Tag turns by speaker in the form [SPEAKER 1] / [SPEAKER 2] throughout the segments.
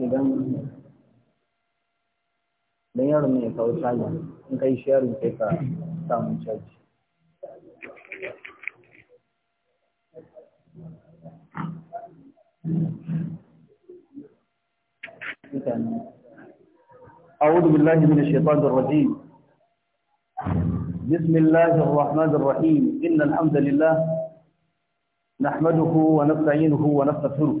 [SPEAKER 1] اذا da yaro mai kawo caja in kai sharing أعوذ بالله من الشيطان الرجيم بسم الله الرحمن الرحيم إن الحمد لله نحمده ونستعينه ونستغفره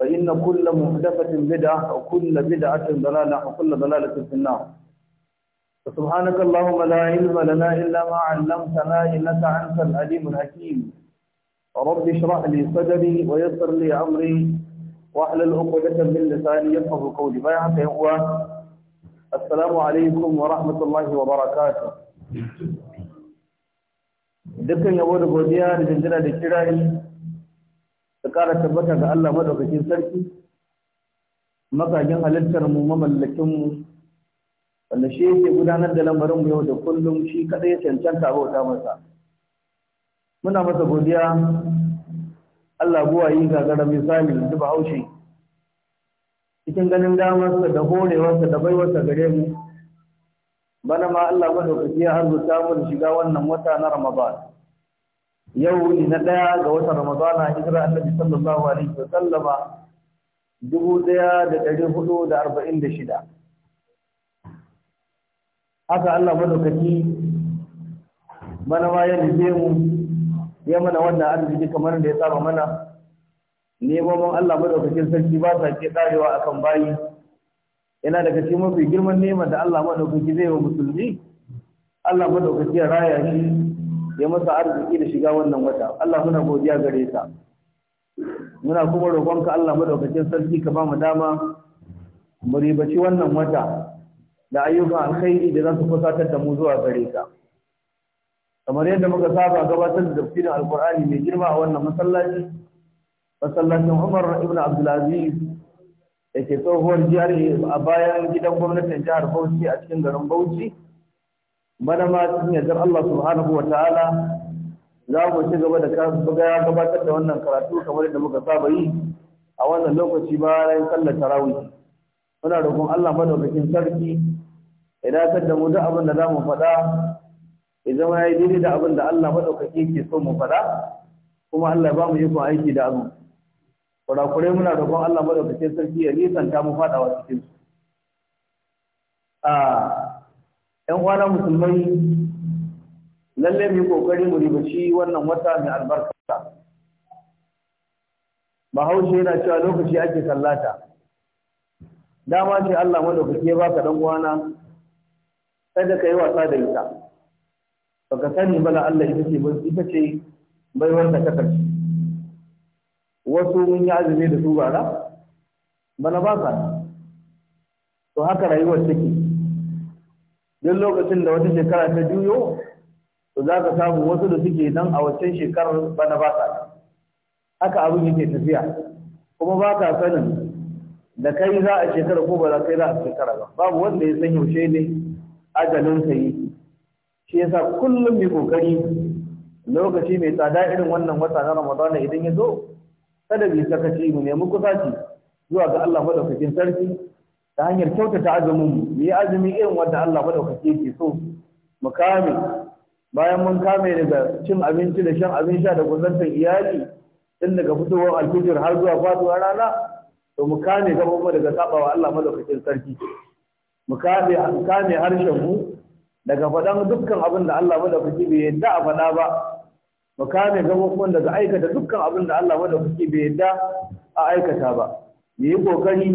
[SPEAKER 1] فإن كل محدثة بدعة وكل بدعة ضلالة وكل ضلالة في النار فسبحانك اللهم لا علم لنا إلا ما علمتنا إنك أنت العليم الحكيم رب اشرح لي صدري ويسر لي أمري واحلل عقدة من لساني يفقه قولي ما يعطي هو السلام عليكم ورحمة الله وبركاته dukkan yabo da godiya da jinjina da ta ƙara tabbata ga Allah madaukakin sarki makajin halittar mu mamallakin mu wanda shi yake gudanar da lamarin mu yau da kullum shi kadai ya cancanta bauta masa muna masa godiya Allah ga gagara misali da bahaushe cikin ganin damarsa da horewarsa da baiwarsa gare mu bana ma Allah madaukaki ya arzuta mu da shiga wannan wata na Ramadan yau ne na ɗaya ga watan ramadana hijira annabi sallallahu alaihi wa sallama dubu ɗaya da ɗari hudu da arba'in da shida haka allah madaukaki mana ma ya nufe mu ya mana wannan arziki kamar da ya saba mana neman allah madaukakin sarki ba sa ke ɗarewa akan bayi yana daga cikin mafi girman neman da allah madaukaki zai wa musulmi allah madaukaki ya raya shi ya masa arziki da shiga wannan wata Allah muna godiya gare ta. muna kuma roƙonka Allah madaukakin sarki ka ba mu dama mu ribaci wannan wata da ayyukan alkhairi da za su kusatar da mu zuwa gare ka kamar yadda muka saba gabatar da tafsirin alkur'ani mai girma a wannan masallaci masallacin Umar ibn Abdulaziz da ke tsohuwar jihar a bayan gidan gwamnatin jihar Bauchi a cikin garin Bauchi bana ma cikin yardar Allah subhanahu wa ta'ala za mu ci gaba da gabatar da wannan karatu kamar yadda muka saba yi a wannan lokaci bayan sallar tarawih muna roƙon Allah madaukakin sarki ya dakatar da mu duk abin da za mu faɗa ya zama ya yi daidai da abin da Allah maɗaukaki ke so mu faɗa kuma Allah ba mu yi aiki da abu kurakurai muna roƙon Allah madaukakin sarki ya nisanta mu faɗawa cikin su ah, ‘yan kwana musulmai lalle mu yi ƙoƙari mu ribaci wannan wata mai albarka. Bahaushe yana cewa lokaci ake sallata. Dama ce Allah madaukaki ya baka ɗan kwana, kada ka yi wasa da ita. Baka sani bala Allah ita ce ita ce baiwar da ka karshe. Wasu mun yi azumi da su bara, bana ba ka. To haka rayuwar take. duk lokacin da wata shekara ta juyo to za ka samu wasu da suke nan a waccan shekarar bana ba sa haka abin yake tafiya kuma ba ka sanin da kai za a shekara ko ba za kai za a shekara ba babu wanda ya san yaushe ne ajalin sa yi shi yasa kullum mai kokari lokaci mai tsada irin wannan wata na ramadana idan ya zo kada bai sakaci mu nemi kusaci zuwa ga Allah madaukakin sarki ta hanyar kyautata azumin mu yi azumi irin wanda Allah madaukaki ke so mu kame bayan mun kame daga cin abinci da shan abin sha da kusantar iyali tun daga fitowar alfijir har zuwa faduwar rana to mu kame gabanmu daga sabawa Allah madaukakin sarki mu kame kame harshen mu daga faɗan dukkan abin da Allah madaukaki bai yadda a faɗa ba mu kame gabanmu daga aikata dukkan abin da Allah madaukaki bai yadda a aikata ba mu yi kokari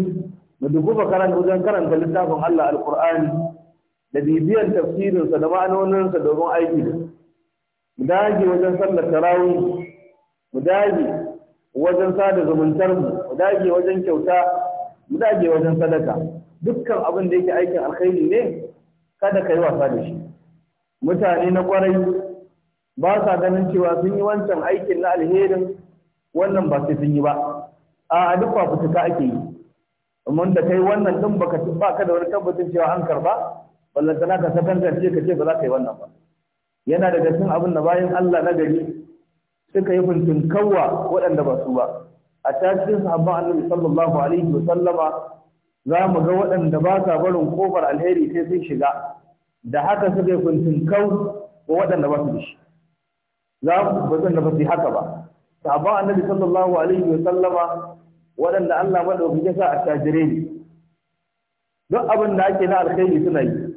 [SPEAKER 1] mu dubu karanta wajen karanta littafin Allah al-Qur'ani da bibiyan tafsirinsa da ma'anoninsa domin aiki da mu dage wajen sallar tarawih mu dage wajen sada zumuntar mu mu dage wajen kyauta mu dage wajen sadaka dukkan abin da yake aikin alkhairi ne kada ka wasa da shi mutane na kwarai ba sa ganin cewa sun yi wancan aikin na alherin wannan ba sai sun yi ba a duk fafutuka ake yi mun da kai wannan din baka baka da wani tabbacin cewa an karba ballantana ka sakanta ce ka ce ba za ka yi wannan ba yana daga cikin abin da bayan Allah na gari suka yi fintin kawwa waɗanda ba su ba a cikin sahabban Annabi sallallahu alaihi wa sallama za mu ga waɗanda ba sa barin kofar alheri sai sun shiga da haka suka yi fintin kau ko waɗanda ba su da shi za ku ba zan da ba su yi haka ba sahabban Annabi sallallahu alaihi wa sallama waɗanda Allah maɗaukaki ya sa a attajirai ne duk abin da ake na alkhairi suna yi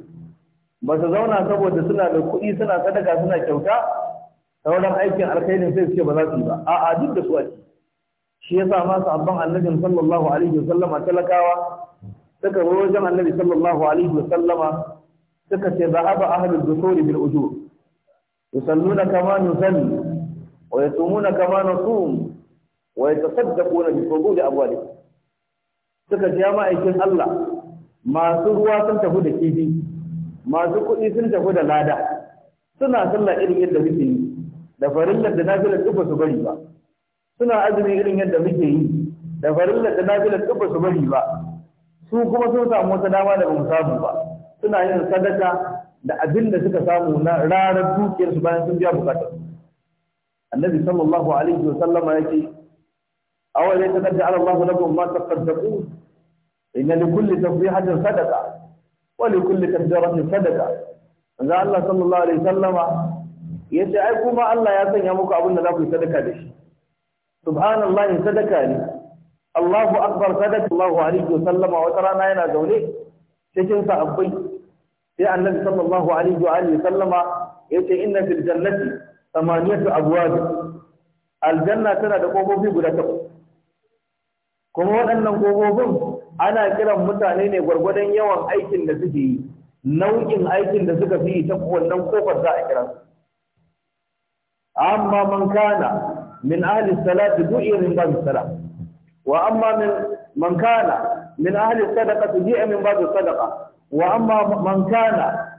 [SPEAKER 1] ba su zauna saboda suna da kuɗi suna sadaka suna kyauta sauran aikin alkhairin sai su ce ba za su yi ba a'a duk da su ake shi sa ma abban annabin sallallahu alaihi wa sallama talakawa suka zo wajen annabi sallallahu alaihi wa sallama suka ce zahaba ahlul dusuri bil ujur yusalluna kama nusalli wa yasumuna kama nasum wa yatasaddaquna bi fudul amwalihim suka ji ma aikin Allah masu ruwa sun tafi da kifi masu kuɗi sun tafi da lada suna sallah irin yadda muke yi da farillar da nafilar tuba su bari ba suna azumi irin yadda muke yi da farillar da nafilar tuba su bari ba su kuma sun samu wata dama da bamu samu ba suna yin sadaka da abin da suka samu na rarar dukiyar su bayan sun biya bukatar annabi sallallahu alaihi wa sallama yake أو ليس قد جعل الله لكم ما تصدقون إن لكل تفريحة صدقة ولكل تفجرة صدقة manzo Allah sallallahu alaihi sallama yace ai kuma Allah ya sanya muku abin da za ku sadaka da shi subhanallahi sadaka ne Allahu akbar sadaka Allahu alaihi wasallama wata rana yana zaune cikin sahabbai sai Annabi sallallahu alaihi wa alihi sallama yace inna fil jannati thamaniyatu abwab aljanna tana da kofofi guda kuma waɗannan gogobin ana kiran mutane ne gwargwadon yawan aikin da suke yi nau'in aikin da suka fi ta wannan kofar za a kira amma man kana min ahli salati du'iya min babu salat wa amma min man kana min ahli sadaqati du'iya min babu sadaqa wa amma man kana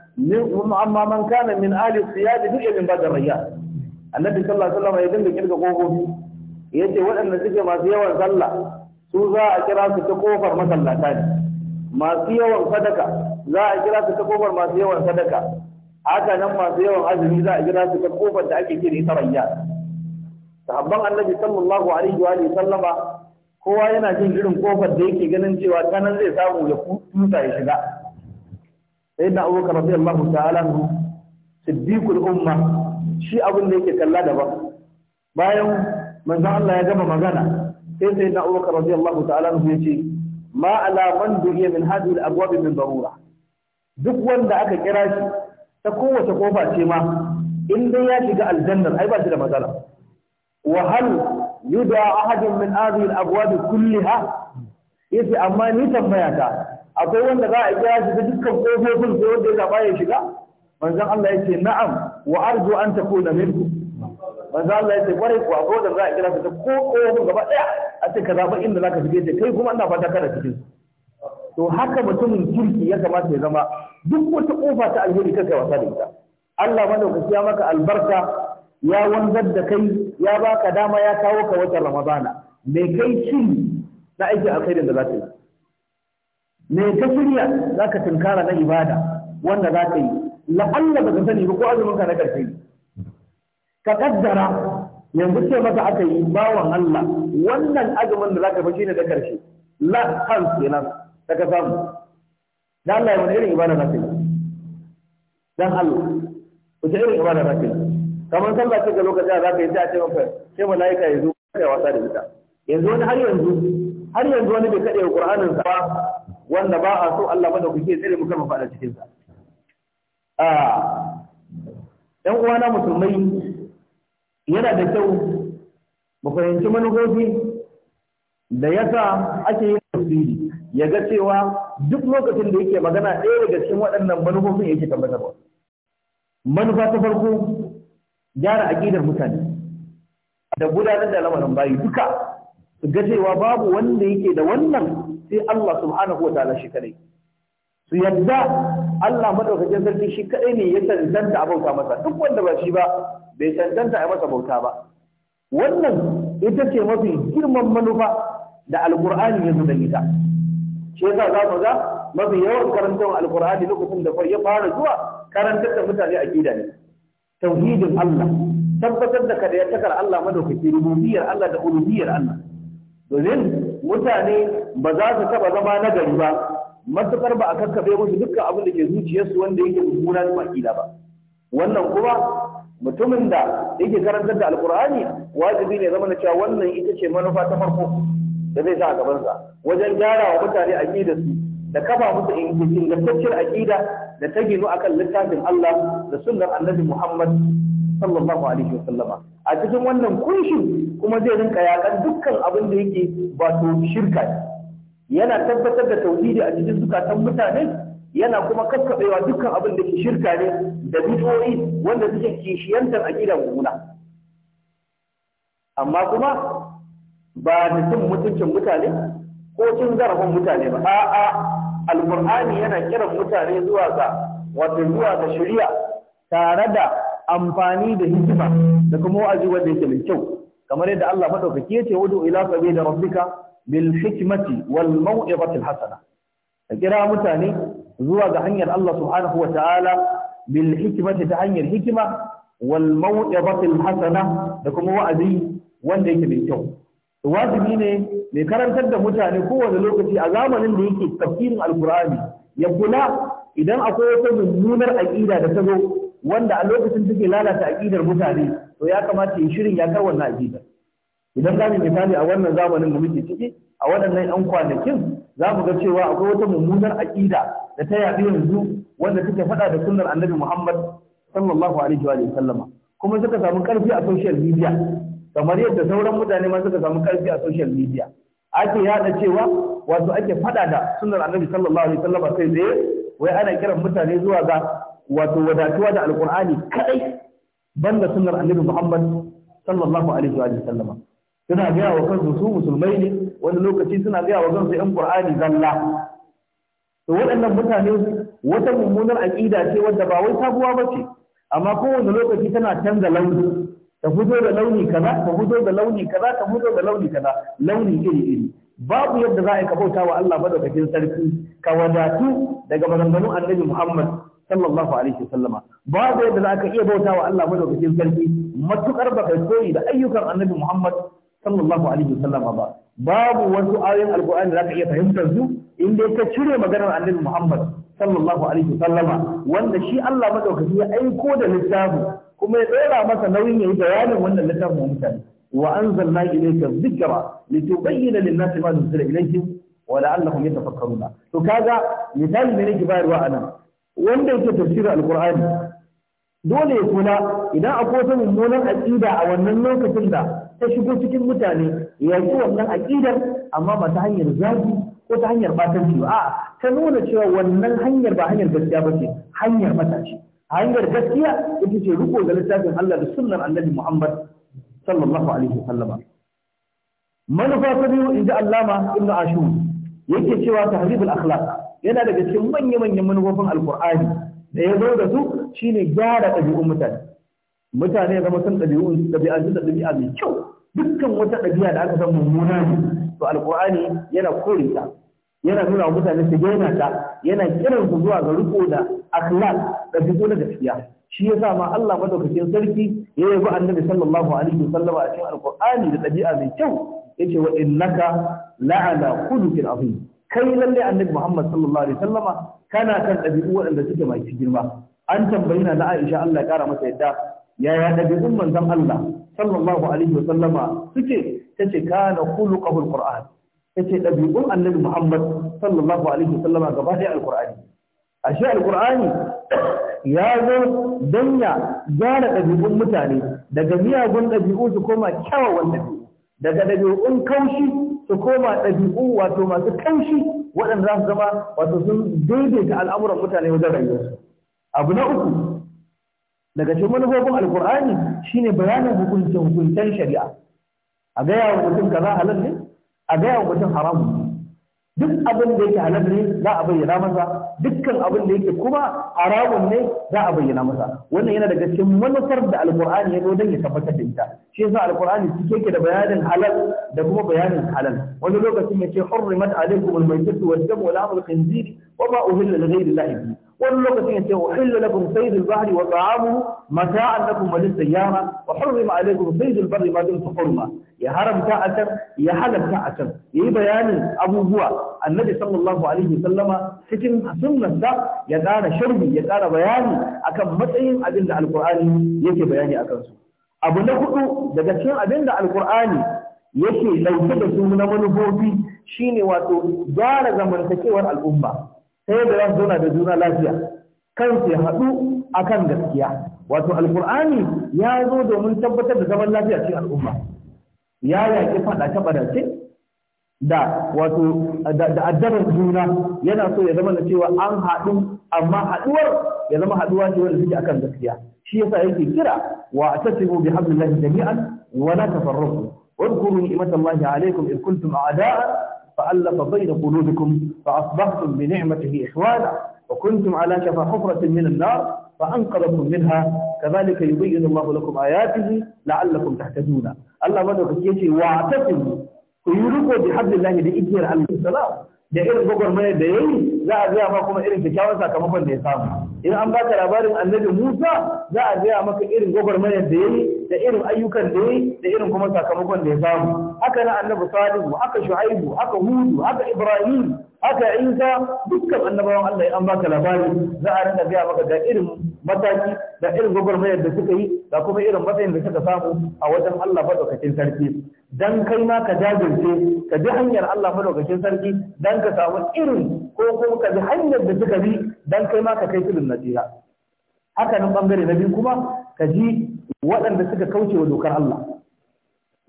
[SPEAKER 1] amma man kana min ahli siyadi du'iya min babu riyad annabi sallallahu alaihi wasallam ya dinga kirga gogobi yace waɗanda suke masu yawan sallah su za a kira su ta kofar masallata ne masu yawan sadaka za a kira su ta kofar masu yawan sadaka haka nan masu yawan azumi za a kira su ta kofar da ake kira ta rayya sahabban annabi sallallahu alaihi wa sallama kowa yana jin irin kofar da yake ganin cewa ta zai samu ya tuta ya shiga sai da abubakar radiyallahu ta'ala nu siddiqul umma shi abin da yake kalla daban bayan manzon Allah ya gama magana sai sai na Abubakar radiyallahu ta'ala ya ce ma ala man min hadhihi al-abwab min barura duk wanda aka kira shi ta kowace kofa ce ma in dai ya shiga aljanna ai ba shi da matsala wa hal yuda ahadun min hadhihi al-abwab kulliha yace amma ni tambaya ta akwai wanda za a kira shi ta dukkan kofofin sai wanda ya zaba ya shiga manzon Allah yace na'am wa arju an takuna minkum manzo Allah ya ce bare ku akwai wanda za a kira su ta ko ko gaba daya a ce ka zaba inda zaka shige ce kai kuma ina fata ka cikin su to haka mutumin kirki ya kamata ya zama duk wata kofa ta alheri kaka wasa da ita Allah madaukaki siya maka albarka ya wanzar da kai ya baka dama ya kawo ka watan Ramadana me kai shiri na aiki alkhairin da za ka yi me ka shirya za ka tunkara na ibada wanda za ka yi la'alla ba ka sani ba ko azumin ka na karshe ka kaddara yanzu ce mata aka yi bawan Allah wannan azumin da zaka fashi ne da karshe la kan kenan da ka samu dan Allah wani irin ibada zaka yi dan Allah wace irin ibada zaka yi kamar sallah ce ga lokacin da zaka yi sai a ce maka sai malaika ya zo kai wasa da ita yanzu wani har yanzu har yanzu wani bai kade Qur'anin sa ba wanda ba a so Allah bada kuke tsire muka mafaɗa cikin sa a ah, ɗan uwana musulmai yana da kyau mu fahimci manufofi da yasa ake yin tafsiri ya ga cewa duk lokacin da yake magana ɗaya daga cikin waɗannan manufofin yake tabbatarwa manufa ta farko gyara aƙidar mutane da gudanar da lamarin bayi duka su ga cewa babu wanda yake da wannan sai Allah subhanahu wa ta'ala shi kadai su yadda Allah madaukakin sarki shi kadai ne ya tantanta a bauta masa duk wanda ba shi ba bai tantanta a masa bauta ba wannan ita ce mafi girman manufa da alqur'ani ya zo da ita shi yasa za mu ga mafi yawan karantawan alqur'ani lokacin da ya fara zuwa karantar da mutane a gida ne tauhidin Allah tabbatar da kada ya takar Allah madaukaki rububiyar Allah da uluhiyar Allah domin mutane ba za su taba zama nagari ba matukar ba a kakkafe musu dukkan abin da ke zuciyarsu wanda yake mummunan makila ba wannan kuma mutumin da yake karantar da alkur'ani wajibi ne zama na cewa wannan ita ce manufa ta farko da zai sa a gabansa wajen gyara wa mutane aqidar su da kafa musu ingantacciyar aƙida da ta ginu akan littafin Allah da sunnar Annabi Muhammad sallallahu alaihi wasallama a cikin wannan kunshin, kuma zai rinka yakan dukkan abin da yake wato shirka ne yana tabbatar da tauhidi a cikin zukatan mutane yana kuma kakkabewa dukkan abin da ke shirka ne da bidoyi wanda suke kishiyantar gidan mummuna amma kuma ba da cin mutuncin mutane ko cin zarafin mutane ba a'a alkur'ani yana kiran mutane zuwa ga wato zuwa ga shari'a tare da amfani da hikima da kuma wa'azi wanda yake mai kyau kamar yadda Allah madaukake ya ce wudu ila sabila rabbika bil hikmati wal hasana ka kira mutane zuwa ga hanyar Allah subhanahu wa ta'ala bil ta hanyar hikima wal mau'izati hasana da kuma wa'azi wanda yake mai kyau wajibi ne mai karantar da mutane kowane lokaci a zamanin da yake tafsirin alkur'ani ya kula idan akwai wata mummunar aƙida da ta zo wanda a lokacin take lalata aƙidar mutane to ya kamata ya shirin ya kar wannan aƙidar idan za misali a wannan zamanin da muke ciki a waɗannan 'yan kwanakin za mu ga cewa akwai wata mummunar aƙida da ta yaɗu yanzu wanda take faɗa da sunnar annabi Muhammad sallallahu alaihi wa sallama kuma suka samu ƙarfi a social media kamar yadda sauran mutane ma suka samu ƙarfi a social media ake yaɗa cewa wato ake faɗa da sunnar annabi sallallahu alaihi wa sallama sai tsaye wai ana kiran mutane zuwa ga wato wadatuwa da alƙur'ani kaɗai banda sunnar annabi Muhammad sallallahu alaihi wa sallama suna gaya wa kansu su musulmai ne wani lokaci suna gaya wa kansu yan qur'ani zalla to waɗannan mutane wata mummunar aƙida ce wadda ba wai sabuwa ba ce amma kowane lokaci tana canza launi ta fito da launi kaza ta fito da launi kaza ta fito da launi kaza launi iri iri babu yadda za a yi ka bauta wa Allah madaukakin sarki ka wadatu daga maganganun annabi Muhammad sallallahu alaihi wasallama babu yadda za ka iya bauta wa Allah madaukakin sarki matukar baka koyi da ayyukan annabi Muhammad sallallahu alaihi wasallama ba babu wasu ayoyin alqur'ani da zaka iya fahimtar su in dai ka cire maganar annabi Muhammad sallallahu alaihi wasallama wanda shi Allah madaukaki ya aiko da littafi kuma ya tsera masa nauyin yayi bayanin wannan littafin wa mutane wa anzalna ilayka dhikra litubayyana lin-nasi ma nuzila ilayhim wa la'allahum yatafakkaruna to kaga misali ne nake bayarwa anan wanda yake tafsirin alqur'ani dole ya kula idan akwai wata mummunan aqida a wannan lokacin da ta shigo cikin mutane ya yi wannan aƙidar amma ba ta hanyar zafi ko ta hanyar batanci ba a ta nuna cewa wannan hanyar ba hanyar gaskiya ba ce hanyar matashi hanyar gaskiya ita ce riko ga littafin Allah da sunnar annabi Muhammad sallallahu alaihi wasallam manufa ta biyu in ji Allama Ibn Ashur yake cewa tahribul akhlaq yana daga cikin manya-manyan manufofin alqur'ani da ya zo da su shine gyara ɗabi'un mutane mutane zama sun ɗabi'u ɗabi'u da ɗabi'a mai kyau dukkan wata ɗabi'a da aka san mummuna ne to alqur'ani yana kore ta yana nuna wa mutane su daina ta yana kiran su zuwa ga riko da akhlaq ɗabi'u na gaskiya shi yasa ma Allah madaukakin sarki ya ba annabi sallallahu alaihi wasallam a cikin alqur'ani da ɗabi'a mai kyau yace wa innaka la'ala khuluqin azim kai lalle annabi Muhammad sallallahu alaihi wasallama kana kan ɗabi'u waɗanda suke mai girma an tambayi na Aisha Allah ya kara masa yadda yaya ɗabi'un manzon Allah sallallahu alaihi wa sallama suke tace kana khuluqul qur'an tace dabi'un annabi Muhammad sallallahu alaihi wa sallama gaba da alqur'ani ashe alqur'ani ya zo danya gyara ɗabi'un mutane daga miyagun ɗabi'u su koma kyawawan ɗabi'u daga ɗabi'un kaushi su koma ɗabi'u wato masu kaushi waɗanda za su zama wato sun daidaita al'amuran mutane wajen rayuwarsu abu na uku daga cikin manufofin alkur'ani shine bayanin hukuncin shari'a a gaya wa mutum kaza halal ne a gaya wa mutum haram ne duk abin da yake halal ne za a bayyana masa dukkan abin da yake kuma haramun ne za a bayyana masa wannan yana daga cikin manufar da alkur'ani ya zo don ya tabbatar da ita shi yasa alkur'ani cike yake da bayanin halal da kuma bayanin halal wani lokacin ya ce hurrimat alaikum almaytatu wad-damu wal-lahmu al-khinziri wa ma uhilla li ghayri allahi wani lokacin ya wa a lakum saydul bahri wa ta'amuhu mata'an lakum wa lis-sayyara wa hurrima alaykum saydul barri ma dumtum hurma ya haramta a can ya halalta a can yayi bayanin abubuwa annabi sallallahu alaihi wasallama cikin sunnarsa ya ƙara sharhi ya ƙara bayani akan matsayin abin da alqur'ani yake bayani akan su abu na hudu daga cikin abin da alqur'ani yake dauke da su na manufofi shine wato gyara zamantakewar al'umma Sai da za su zauna da juna lafiya kan ya haɗu akan gaskiya wato alkur'ani ya zo domin tabbatar da zaman lafiya cikin al'umma ya yaƙi faɗa ta ɓadace da wato da addabar juna yana so ya zama na cewa an haɗu amma haɗuwar ya zama haɗuwa ce wanda suke akan gaskiya shi yasa yake kira wa atasimu bi hablillahi jami'an wa la tafarraqu wa نعمة الله عليكم إذ كنتم فألف بين قلوبكم فأصبحتم بنعمته إخوانا وكنتم على شفا حفرة من النار فأنقذكم منها كذلك يبين الله لكم آياته لعلكم تهتدون الله مدوك يجي واعتصموا كيولوكو بحبل الله لإجير عليه السلام da irin gwagwarmayar da ya yi za a gaya ma kuma irin kyakkyawan sakamakon da ya samu in an baka labarin annabi musa za a gaya maka irin da da irin ayyukan da yayi da irin kuma sakamakon da ya samu haka na annabi salihu haka shu'aibu haka hudu haka ibrahim haka isa dukkan annabawan Allah an baka labari za a rinka gaya maka da irin mataki da irin gwagwarmayar da suka yi da kuma irin matsayin da suka samu a wajen Allah madaukakin sarki dan kai ma ka jajirce ka bi hanyar Allah madaukakin sarki dan ka samu irin ko kuma ka bi hanyar da suka bi dan kai ma ka kai tudun nasiha haka nan bangare na biyu kuma ka ji waɗanda suka kauce wa dokar Allah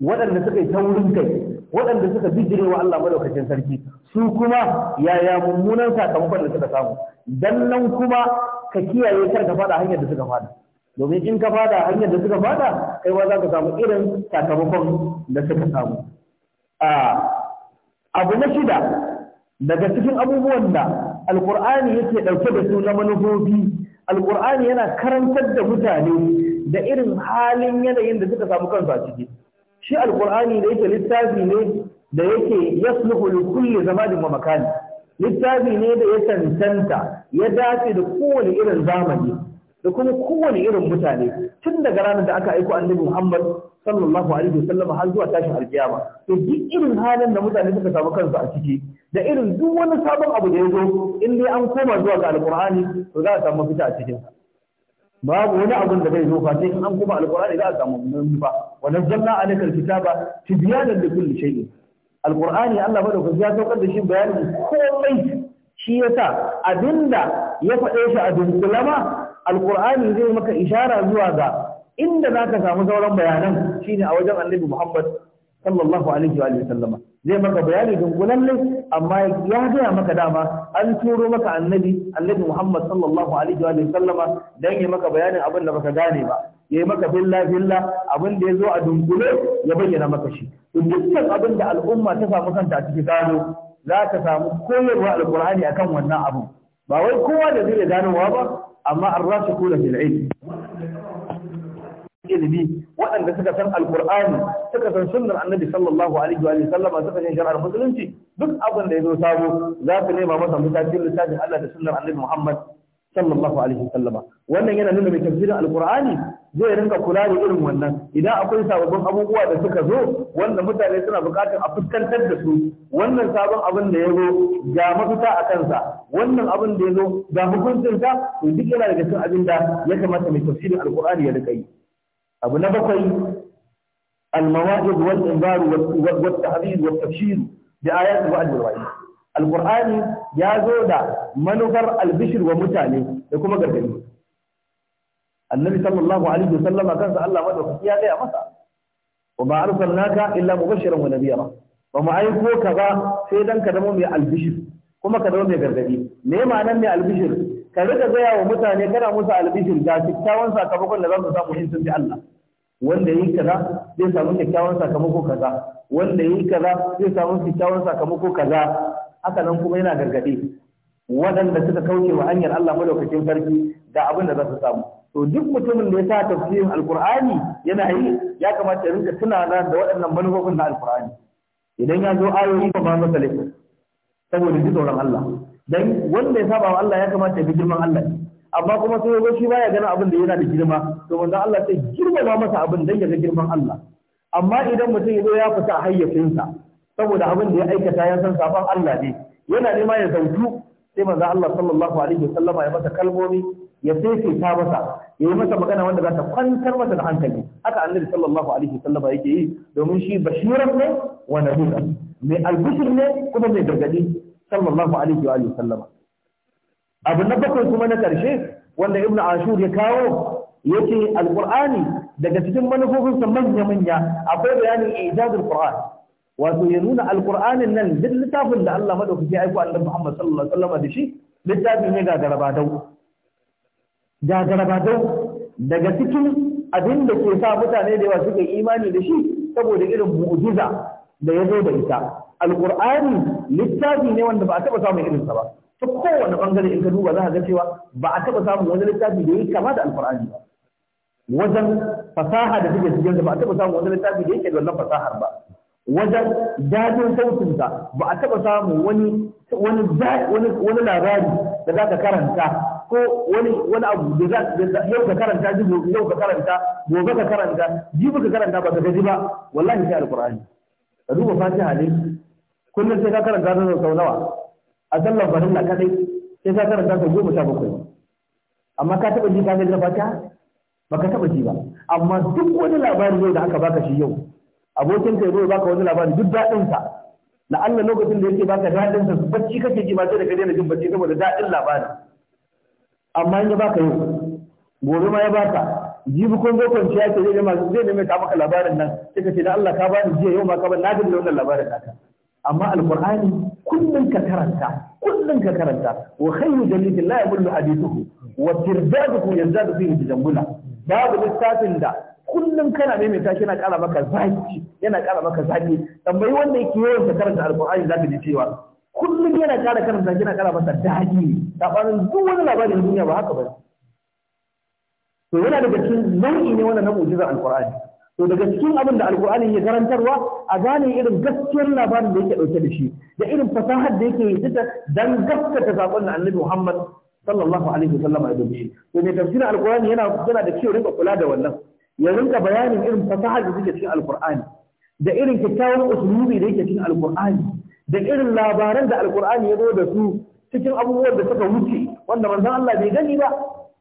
[SPEAKER 1] waɗanda suka yi taurin kai waɗanda suka bijire wa Allah madaukakin sarki su kuma yaya mummunan sakamakon da suka samu dan nan kuma ka kiyaye kar ka fada hanyar da suka fada domin in ka fada hanyar da suka fada kai ma za ka samu irin sakamakon da suka samu a abu na shida daga cikin abubuwan da alkur'ani yake dauke da su na manufofi alkur'ani yana karantar da mutane da irin halin yanayin da suka samu kansu a ciki shi alkur'ani da yake littafi ne da yake yasluhu li kulli zamanin wa makani littafi ne da ya cancanta ya dace da kowane irin zamani da kuma kowane irin mutane tun daga ranar da aka aiko annabi Muhammad sallallahu alaihi wasallam har zuwa tashin alkiyama to duk irin halin da mutane suka samu kansu a ciki da irin duk wani sabon abu da ya zo in dai an koma zuwa ga alkur'ani to za a samu fita a cikinsa. babu wani abin da zai zo fa sai an kuma alqur'ani za a samu mun ba wa nazzalna alaykal kitaba tibyanan li kulli shay'in alqur'ani Allah madaukaki ya saukar da shi bayanin komai shi yasa abinda ya faɗe shi a dunkulama alqur'ani zai maka ishara zuwa ga inda zaka samu sauran bayanan shine a wajen annabi Muhammad sallallahu alaihi wa sallama zai maka bayani dungulalle amma ya gaya maka dama an turo maka annabi annabi Muhammad sallallahu alaihi wa sallama dan ya maka bayanin abin da baka gane ba ya yi maka billa billa abin da ya zo a dungule ya bayyana maka shi dukkan abin da al'umma ta samu kanta a cikin gano za ka samu koyarwa alkur'ani akan wannan abu ba wai kowa da zai ganowa ba amma ar-rasikuna fil ilm ilimi waɗanda suka san alkur'ani suka san sunnar annabi sallallahu alaihi wa sallama suka san shari'ar musulunci duk abin da ya zo sabo za ka nema masa mutakin littafin Allah da sunnar annabi Muhammad sallallahu alaihi wa sallama wannan yana nuna mai tafsirin alkur'ani zai rinka kula da irin wannan idan akwai sababbin abubuwa da suka zo wanda mutane suna buƙatar a fuskantar da su wannan sabon abin da ya zo ga mafita a kansa wannan abin da ya zo ga hukuncinsa to duk yana daga cikin abin da ya kamata mai tafsirin alkur'ani ya rika yi abu na bakwai al-mawa'id wal inzar wal tahdhir wal tafsir bi ayat wa al-wa'id al-qur'ani ya zo da manufar albishir wa mutane da kuma gargadi annabi sallallahu alaihi wasallam kansa Allah madaukaki ya gaya masa wa ma arsalnaka illa mubashiran wa nadhira ba mu aiko ka ba sai dan ka zama mai albishir kuma ka zama mai gargadi me ma'anar mai albishir ka rika gaya wa mutane kana musu albishir ga kyakkyawan sakamakon da za su samu in sun Allah wanda yi kaza zai samu kyakkyawan sakamako kaza wanda yi kaza zai samu kyakkyawan sakamako kaza haka nan kuma yana gargaɗi waɗanda suka kauce wa hanyar Allah madaukakin sarki ga abin da za su samu to duk mutumin da ya sa tafsirin alkur'ani yana yi ya kamata ya rinka tunana da waɗannan manufofin na alkur'ani idan ya zo ayoyi ba ma masa laifin saboda ji tsoron Allah dan wanda ya saba Allah ya kamata ya bi girman Allah amma kuma sai yazo shi baya ganin abin da yana da girma to manzo Allah sai girmama masa abin dan ya ga girman Allah amma idan mutum yazo ya fita hayyacinsa saboda abin da ya aikata ya san saban Allah ne yana nema ya zautu sai manzo Allah sallallahu alaihi wasallama ya masa kalmomi ya ta masa ya yi masa magana wanda za ta kwantar masa da hankali haka annabi sallallahu alaihi wasallama yake yi domin shi bashiran ne wa nadira mai albishir ne kuma mai gargadi sallallahu alaihi wa sallama abu na bakwai kuma na karshe wanda ibnu ashur ya kawo yake alqur'ani daga cikin manufofin sa manya manya akwai bayanin ijazul qur'an wato ya nuna alqur'anin nan duk littafin da Allah madaukaki ya aiko annabi Muhammad sallallahu alaihi wasallam da shi littafin ne ga garabadau ga daga cikin abin da ke sa mutane da yawa suke imani da shi saboda irin mu'jiza da ya zo da ita Alkur'ani littafi ne wanda ba a taɓa samun irinsa ba ta kowane bangare in ka duba za a ga cewa ba a taba samun wani littafi da yake kama da Alkur'ani ba wajen fasaha da take cikin ba a taba samun wani littafi da yake da wannan fasahar ba wajen dajin sautinsa ba a taɓa samun wani wani wani labari da za ka karanta ko wani wani abu da za yau ka karanta ji yau ka karanta gobe ka karanta jibi ka karanta ba ka gaji ba wallahi sai alqur'ani ka duba fatiha ne kullum sai ka karanta ta sau nawa a sallan na kadai sai ka karanta ta goma sha bakwai amma ka taɓa ji ka ga ba ka taɓa ji ba amma duk wani labari yau da aka baka shi yau abokin ka yau baka wani labari duk daɗin sa na Allah lokacin da yake baka daɗin sa bacci kake ji ba sai da ka daina jin bacci saboda daɗin labari amma in ya baka yau gobe ma ya baka jibi kun zo kwanciya ce zai ne zai ne mai ka maka labarin nan sai ka ce da Allah ka bani jiya yau ma ka bani na dinga wannan labarin naka amma alkur'ani kullun ka karanta kullun ka karanta wa khayru jannati la yabullu hadithuhu wa tirdaduhu yazdadu fihi tajammula babu littafin da kullum kana maimaita shi yana ƙara maka zaki yana ƙara maka zaki tambayi wanda yake yawan ka karanta alqur'ani zaka ji cewa kullum yana ƙara karanta shi yana ƙara maka daɗi sabanin duk wani labarin duniya ba haka ba to yana daga cikin nau'i ne wannan na mu'jizar alkur'ani to daga cikin abin da alkur'ani ya karantarwa a gane irin gaskiyar labarin da yake dauke da shi da irin fasahar da yake yi ta dan gaskata sakon na annabi Muhammad sallallahu alaihi wasallam ya dace to ne tafsirin alkur'ani yana yana da cewa rinka kula da wannan ya rinka bayanin irin fasahar da take cikin alkur'ani da irin kyakkyawan usulubi da yake cikin alkur'ani da irin labaran da alkur'ani ya zo da su cikin abubuwan da suka wuce wanda manzon Allah bai gani ba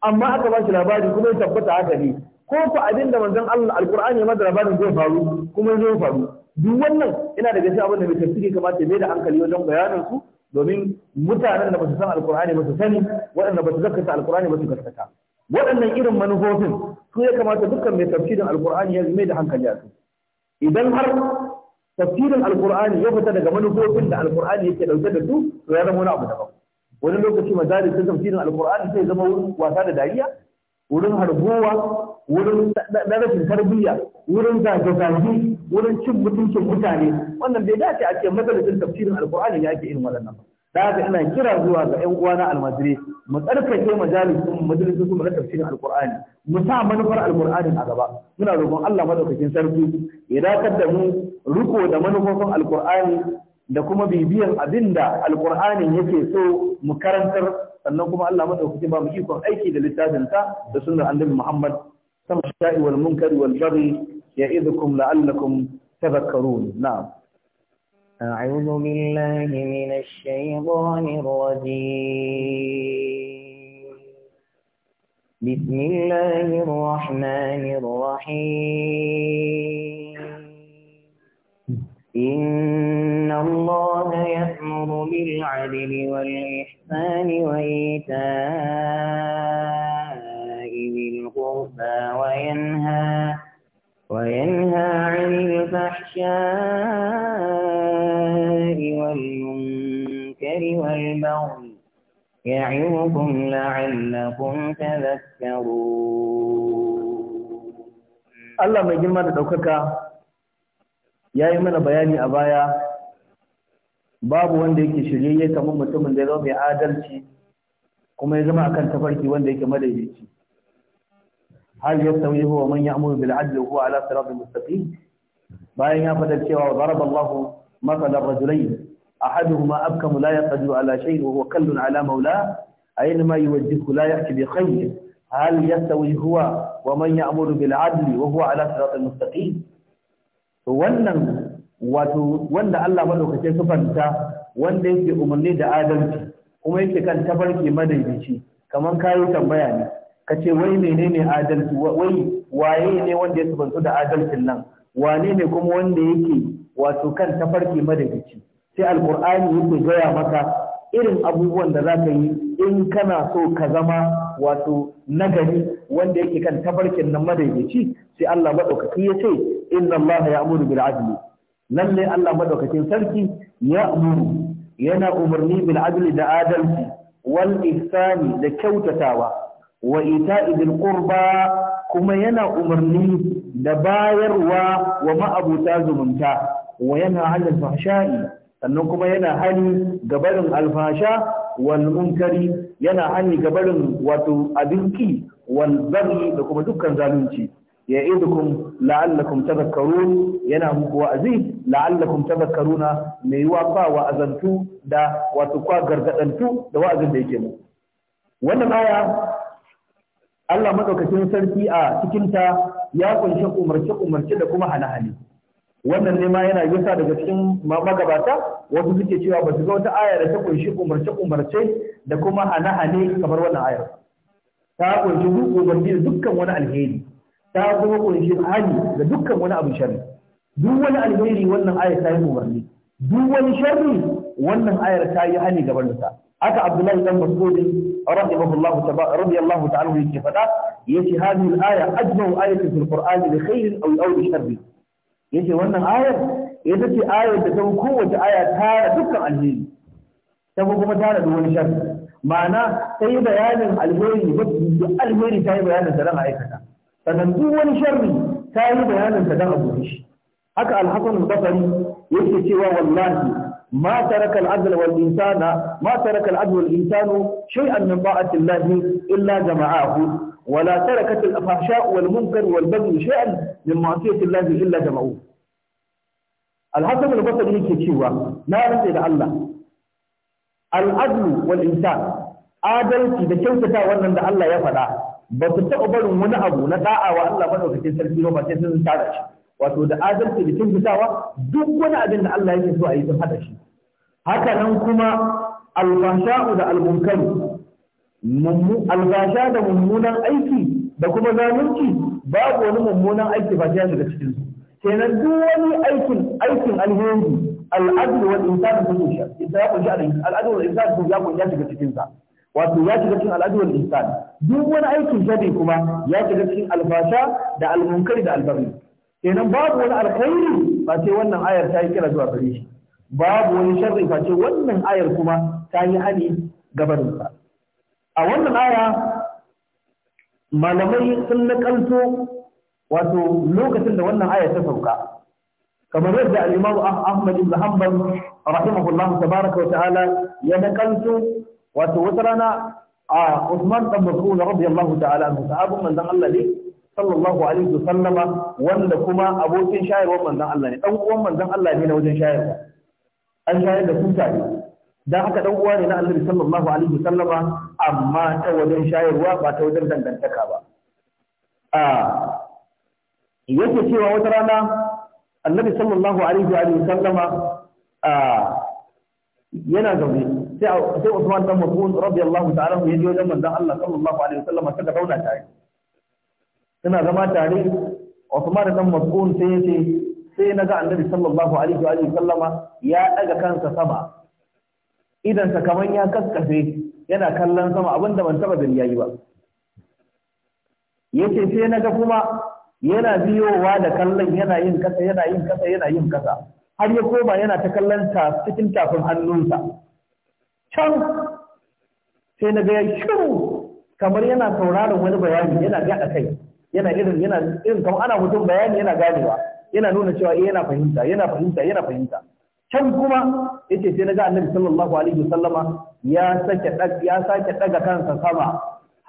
[SPEAKER 1] amma aka ba shi labari kuma ya tabbata haka ne ko ku abin da manzon Allah alqur'ani ya madara bani zai faru kuma zai faru duk wannan ina daga cikin abin da mai tafsiri kamata bai da hankali wajen bayanin su domin mutanen da ba su san alqur'ani ba su sani waɗanda ba su zakata alqur'ani ba su gaskata waɗannan irin manufofin su ya kamata dukkan mai tafsirin alqur'ani ya mai da hankali a su idan har tafsirin alqur'ani ya fita daga manufofin da alqur'ani yake dauke da su to ya zama wani abu daban wani lokaci majalis tafsirin alqur'ani sai zama wasa da dariya wurin harbowa wurin na rashin tarbiyya wurin zage-zage wurin cin mutuncin mutane wannan bai dace a ce majalisin tafsirin alkur'ani ne ake irin waɗannan da haka ina kira zuwa ga ƴan uwana almajiri mu tsarkake majalisun majalisun kuma na tafsirin alkur'ani mu sa manufar alkur'ani a gaba muna roƙon Allah madaukakin sarki ya dakatar da mu riko da manufofin alkur'ani da kuma bibiyan abin da alkur'anin yake so mu karantar sannan kuma Allah madaukakin ba mu ikon aiki da littafinsa da sunan annabi Muhammad الفحشاء والمنكر والبغي يئذكم لعلكم تذكرون نعم
[SPEAKER 2] أعوذ بالله من الشيطان الرجيم بسم الله الرحمن الرحيم إن الله يأمر بالعدل والإحسان وإيتاء والقربى وينهى وينهى عن الفحشاء والمنكر والبغي يعظكم لعلكم تذكرون الله ما يجمع دوكاكا
[SPEAKER 1] يا yi بياني أبايا babu wanda yake shiryayye kamar mutumin da ya zama mai adalci kuma ya zama akan tafarki wanda yake madaidaici hal yastawi huwa man ya'muru bil adli huwa ala siratin mustaqim bayan ya fadar cewa daraba Allah masalan rajulayn ahaduhuma abkamu la yaqdiru ala shay'in wa huwa kallun ala mawla aynama yuwajjihu la yahti bi khayr hal yastawi huwa wa man ya'muru bil wa wannan wato wanda Allah madaukake sufanta wanda yake umarni da adalci kuma yake kan tabarki madaidaici kaman kayo tambaya ne ka ce wai menene adalci wai waye ne wanda ya subantu da adalcin nan wane ne kuma wanda yake wato kan tafarki madagici sai alkur'ani yake gaya maka irin abubuwan da za ka yi in kana so ka zama wato nagari wanda yake kan tafarkin nan madaidaici sai Allah madaukaki ya ce inna Allah ya'muru bil adli lalle Allah madaukakin sarki ya'muru yana umarni bil adli da adalci wal ihsani da kyautatawa wa ita'idil qurba kuma yana umarni da bayarwa wa ma'abuta zumunta wa yana halin fahsha'i sannan kuma yana hani ga barin alfasha wal munkari yana hani ga barin wato abinki wal barri da kuma dukkan zalunci ya idukum la'allakum tadhakkarun yana muku wa'azi la'allakum tadhakkaruna mai yiwa ba wa'azantu da wato kwa gargadantu da wa'azin da yake mu wannan aya Allah madaukakin sarki a cikinta ya kunshi umarce-umarce da kuma hane-hane wannan ne ma yana yasa daga cikin magabata wasu suke cewa ba su ga wata aya da ta kunshi umarce-umarce da kuma hane-hane kamar wannan ayar ta kunshi duk dukkan wani alheri ta kuma kunshi hali da dukkan wani abu sharri duk wani alheri wannan ayar ta yi umarni duk wani sharri wannan ayar ta yi hani ga sa. haka abdullahi dan mas'ud radiyallahu ta'ala radiyallahu ta'ala yake fada yace hadhihi al-aya ajma'u ayatin fil qur'ani li khairin aw aw li sharri yace wannan ayar ya ce ayar da ta kowace aya tara dukkan alheri ta kuma tara da wani sharri ma'ana sai bayanin alheri da alheri ta yi bayanin da ran aikata sannan duk wani sharri ta yi bayanin da dan abu shi haka al-hasan al-basri yake cewa wallahi ما ترك العدل والإنسان ما ترك العدل والإنسان شيئا من طاعة الله إلا جمعاه ولا تركت الفحشاء والمنكر والبغي شيئا من معصية الله إلا جمعوه الحسن البصري yake cewa na rantsa da Allah al'adlu wal adalci da kyautata wannan da Allah ya faɗa ba su taɓa barin wani abu na da'a wa sarki ba sai sun shi wato da adalci da kyautatawa duk wani abin da Allah yake so a yi sun haɗa shi haka nan kuma alfasha'u da almunkar alfasha da mummunan aiki da kuma zalunci babu wani mummunan aiki ba ya shiga cikin su kenan duk wani aikin aikin alheri al'adl wal insan sun shi idan ya kunshi al'adl wal insan sun ya kunshi shiga cikin sa wato ya shiga cikin al'adl wal insan duk wani aikin shari kuma ya shiga cikin alfasha da almunkari da albaghi kenan babu wani alkhairi ba ce wannan ayar ta yi kira zuwa gare shi babu wani sharri ba ce wannan ayar kuma ta yi hani gabarinsa a wannan aya malamai sun nakalto wato lokacin da wannan ayar ta sauka kamar yadda al-Imam Ahmad ibn Hanbal rahimahullah tabaraka wa ta'ala ya nakalto wato wata rana a usman ibn Mas'ud radiyallahu ta'ala anhu sahabban manzon Allah ne sallallahu alaihi wasallama wanda kuma abokin shayarwar manzon Allah ne dan uwan manzon Allah ne na wajen shayarwa an shayar da kuta ne dan haka dan uwa ne na Annabi sallallahu alaihi sallama. amma ta wajen shayarwa ba ta wajen dangantaka ba a yake cewa wata rana Annabi sallallahu alaihi wasallama a yana zaune sai Usman dan Mas'ud radiyallahu ta'ala ya je wajen manzon Allah sallallahu alaihi wa wasallama suka zauna tare suna zama tare Usman dan Mas'ud sai yace sai naga Annabi sallallahu alaihi wa sallama ya daga kansa sama idan sa kaman ya kaskafe yana kallon sama abinda ban taba gani yayi ba yace sai naga kuma yana biyowa da kallon yana yin kasa yana yin kasa yana yin kasa har ya koma yana ta kallon ta cikin tafin hannunsa can sai na ga shiru kamar yana sauraron wani bayani yana ga a kai yana irin yana irin kamar ana mutum bayani yana ganewa yana nuna cewa eh yana fahimta yana fahimta yana fahimta can kuma yace sai naga Annabi sallallahu alaihi wasallama ya sake ya sake daga kansa sama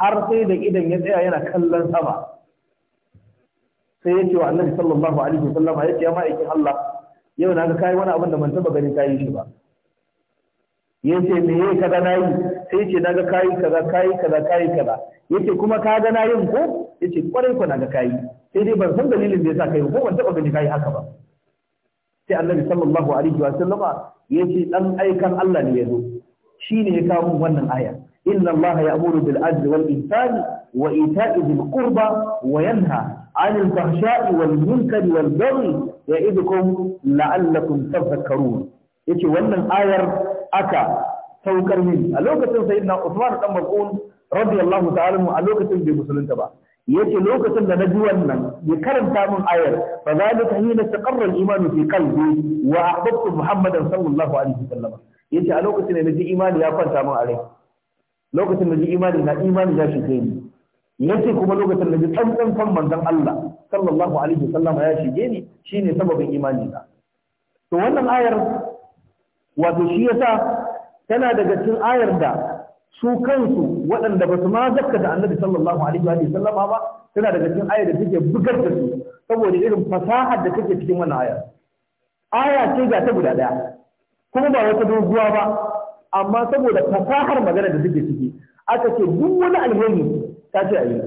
[SPEAKER 1] har sai da idan ya tsaya yana kallon sama sai yace wa Annabi sallallahu alaihi wasallama yace ya ma'aikin Allah yau na ga kai wani abin da ban taba gani kai shi ba yace me yake kaza nayi sai yace naga kai kaza kai kaza kai kaza yace kuma ka nayin ko yace kwarai ko na ga kai sai dai ban san dalilin da yasa kai ko ban taba gani kai haka ba sai annabi sallallahu alaihi wa sallama yace dan aikan Allah ne yazo shine ya kawo wannan aya inna Allah ya'muru bil adli wal ihsani wa ita'i bil qurba wa yanha 'anil fahsha'i wal munkari wal baghi ya'idukum la'allakum tadhakkarun yace wannan ayar aka saukar min a lokacin sayyidina Usman dan Mas'ud radiyallahu ta'ala a lokacin bai musulunta ba yace lokacin da na ji wannan ya karanta min ayar fa zalika hina taqarra al-iman fi qalbi wa ahbabtu muhammadan sallallahu alaihi wasallam yace a lokacin da na ji imani ya kwanta min a rai lokacin da ji imani na imani ya shige ni yace kuma lokacin da ji tsantsan san manzon Allah sallallahu alaihi wasallam ya shige ni shine sababin imani na to wannan ayar wato shi yasa tana daga cikin ayar da su kansu waɗanda ba su ma zakka da annabi sallallahu alaihi wa sallama ba suna daga cikin ayar da take bugar da su saboda irin fasahar da take cikin wannan aya. aya ce ga ta guda daya kuma ba wata doguwa ba amma saboda fasahar magana da take ciki aka ce duk wani alheri ta ce a yi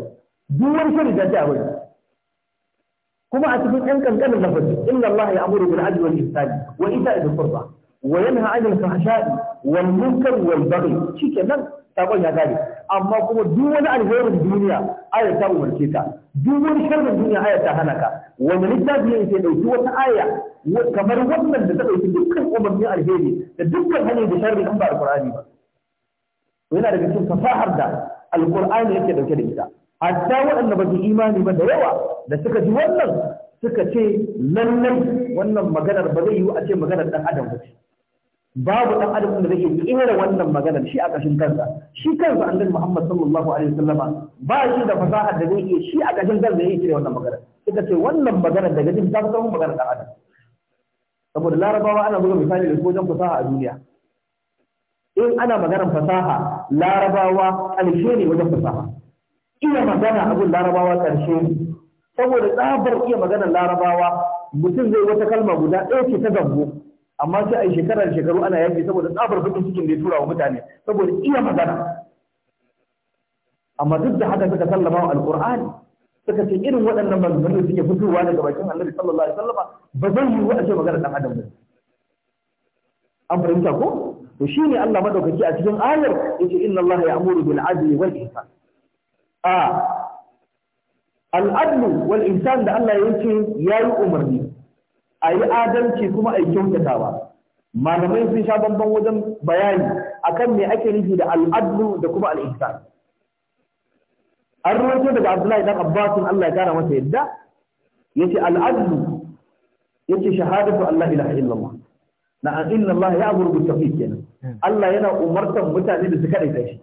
[SPEAKER 1] duk wani ta ce a bari kuma a cikin ɗan ƙanƙanin lafazi inna Allah ya amuru bil adli wal ihsani wa ita'i dhil qurba wa yanha 'anil fahsha'i wal munkar wal baghi shikenan sakon ya gane amma kuma duk wani alherin duniya aya ta umarce ka duk wani sharrin duniya aya ta hana ka wani littafi ne ke dauki wata aya kamar wannan da ta dauki dukkan umarni alheri da dukkan hanyar da sharri in ba alqur'ani ba Yana yana daga cikin fasahar da alqur'ani yake dauke da ita hatta waɗanda ba su imani ba da yawa da suka ji wannan suka ce lallai wannan maganar ba zai yiwu a ce maganar ɗan adam ba ce babu dan adam da zai kera wannan maganar shi a kashin kansa shi kansa annabi Muhammad sallallahu alaihi wasallama ba shi da fasaha da zai iya shi a kashin kansa zai kira wannan maganar ita ce wannan maganar daga jin ta san maganar dan adam saboda larabawa ana buga misali da wajen fasaha a duniya in ana maganar fasaha larabawa ƙarshe ne wajen fasaha iya magana abin larabawa karshe ne saboda tsabar iya maganar larabawa mutum zai wata kalma guda ɗaya ce ta gambo amma sai a yi shekara da shekaru ana yaƙi saboda tsabar bakin cikin da ya tura wa mutane saboda iya magana amma duk da haka suka sallama wa alƙur'ani suka ce irin waɗannan maganganun suke fitowa daga bakin annabi sallallahu alaihi wasallam ba zai yiwu a ce magana ɗan adam ba an fahimta ko to shi ne Allah madaukaki a cikin ayar yace inna Allah ya'muru bil adli wal ihsan a al-adl wal ihsan da Allah yake yayi umarni a yi adalci kuma a yi kyautatawa malamai sun sha bamban wajen bayani akan me ake nufi da al'adlu da kuma al'ihsan an rawaito daga Abdullahi dan Abbasin Allah ya kara masa yadda yace al'adlu yace shahadatu Allah ilaha illallah na inna Allah ya'muru bil tawfiq kenan Allah yana umartan mutane da su kada shi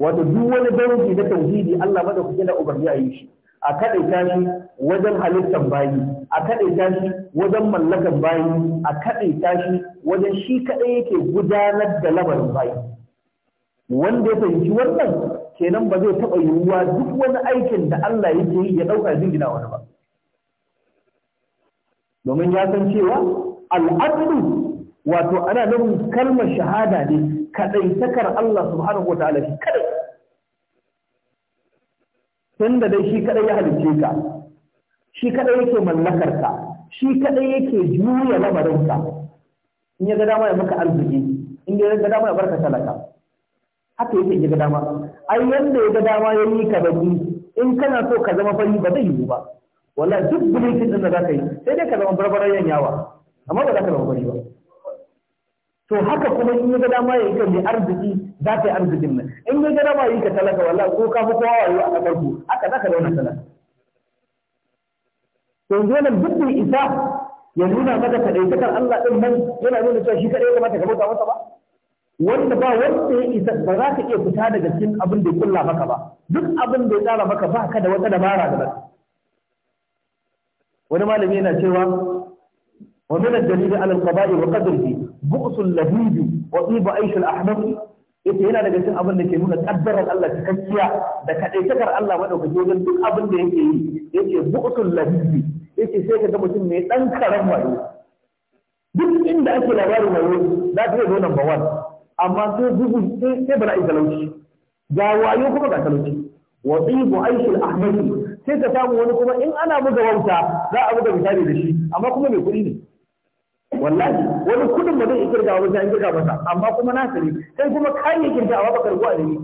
[SPEAKER 1] wato duk wani dauki na tauhidi Allah madaukakin da umarni a yi shi a kaɗaita tashi wajen halittar bayi a kaɗaita tashi wajen mallakar bayi a kaɗaita tashi wajen shi kaɗai yake gudanar da labarin bayi wanda ya fahimci wannan kenan ba zai taɓa yiwuwa duk wani aikin da Allah yake yi ya ɗauka gina wani ba domin ya san cewa al'adu wato ana nufin kalmar shahada ne kaɗaitakar Allah subhanahu wa ta'ala shi kaɗai tunda dai shi kadai ya halicce ka shi kadai yake mallakar ka shi kadai yake juya lamarin ka in ya ga dama ya maka arziki in ya ga dama ya barka talaka haka yake ya ga dama ai yanda ya ga dama ya yi ka bani in kana so ka zama fari ba zai yiwu ba wallahi duk bulletin din da zaka yi sai dai ka zama barbaran yanyawa amma ba za ka zama bari ba to haka kuma in ya ga dama ya yi ka mai arziki za ta yi arzikin nan in bai gada ba yi ka talaka wallahi ko ka fi kowa wayo a kasar ku haka za ka zauna talaka to yanzu nan duk mai isa ya nuna maka kaɗaitakar Allah ɗin nan yana nuna cewa shi kaɗai ya kamata ka bauta masa ba wanda ba wanda ya isa ba za ka iya fita daga cikin abin da ya kulla maka ba duk abin da ya tsara maka ba ka da wata dabara da ba wani malami yana cewa wa min ad-dalil ala al-qada'i wa qadrihi bu'sul wa tibu aish al-ahmaqi yace yana daga cikin abin da ke nuna kaddarar Allah cikakkiya da kadaitakar Allah maɗaukaci wajen duk abin da yake yi yace bu'tul lahibi yace sai ka ga mutum mai ɗan karan wayo duk inda ake labarin wayo za ta yi zonan bawan amma sai bugu sai bala'i talauci ga wayo kuma ga talauci wa tsibu aishi ahmadi sai ka samu wani kuma in ana buga wauta za a buga misali da shi amma kuma mai kuɗi ne wallahi wani kudin ba zai iya kirgawa ba sai an kirga masa amma kuma na sani sai kuma kayan ya a ba karbuwa da ni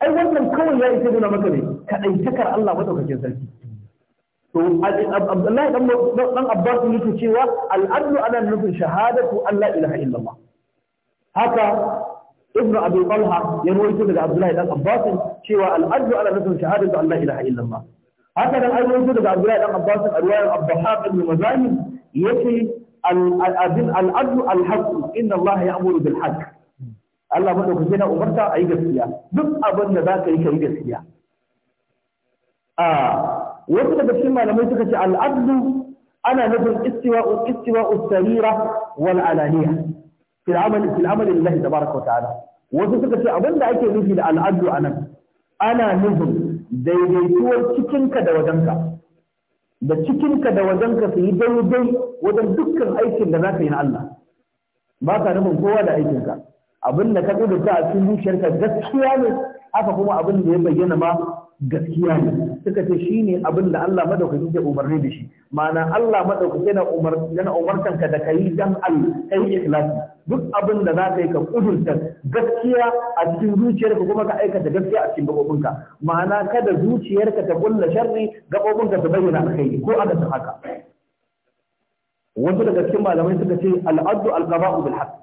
[SPEAKER 1] ai wannan kawai ya isa nuna maka ne kaɗai takar Allah madaukakin sarki to Abdullahi dan Abbas yake cewa al'adlu ana nufin shahadatu an la ilaha illallah haka Ibn Abi Talha ya rawaito daga Abdullahi dan Abbas cewa al'adlu ana nufin shahadatu an la ilaha illallah haka nan an rubuta daga Abdullahi dan Abbas a riwayar Abdullah ibn Mazani ya al-adl al-adl al-haqq inna Allah ya'muru bil haqq Allah madaukake na umarta a yi gaskiya duk abin da ka yi kai gaskiya a wasu daga cikin malamai suka ce al'adu ana nufin istiwa'u istiwa'u sarira wal alaniya fil amal fil amal lillahi tabaaraka wa ta'ala wasu suka ce abin da ake nufi da al'adu adl anan ana nufin daidaituwar cikinka da wajenka da cikinka da wajenka su yi daidai wajen dukkan aikin da za ka yi na Allah ba ka nufin kowa da aikinka abin da ka kudurta a cikin zuciyarka gaskiya ne haka kuma abinda da ya bayyana ma gaskiya ne suka ce shi ne abin da Allah madaukaki ya umarni da shi ma'ana Allah madaukaki yana umar yana umartan ka da kai dan Allah kai ikhlasi duk abin da za ka yi ka kudurta gaskiya a cikin zuciyarka kuma ka aikata gaskiya a cikin gabobinka ma'ana kada zuciyarka ta kulla sharri gabobinka ta bayyana kai ko aka san haka wasu daga cikin malamai suka ce al'addu al-qada'u bil haqq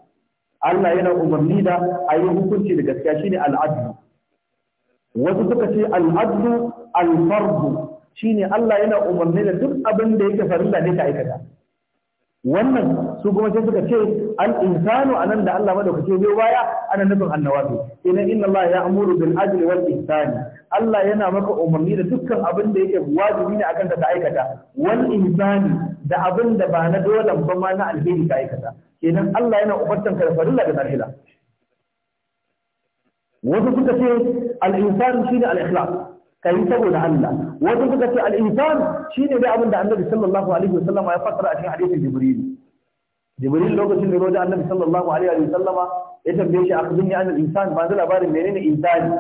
[SPEAKER 1] Allah yana umarni da ayi hukunci da gaskiya shine al'addu wasu suka ce al'adlu al'fardu shi shine Allah yana umarni da duk abin da yake farilla ne ka aikata wannan su kuma sai suka ce al insanu anan da Allah ce bai baya ana nufin annawabi ina inna Allah ya amuru bil ajli wal ihsani Allah yana maka umarni da dukkan abin da yake wajibi ne akan ka aikata wal insani da abin da ba na dole ba ma na alheri ka aikata kenan Allah yana ubartan ka da farilla da nafila wasu suka ce al'insan shi ne al-ikhlas kai saboda Allah wasu suka ce al'insan shi ne da abin da Annabi sallallahu alaihi wasallam ya fassara a cikin hadisin Jibril Jibril lokacin da roja Annabi sallallahu alaihi wasallama ya tambaye shi akhbirni an al-insan ba da labarin menene insani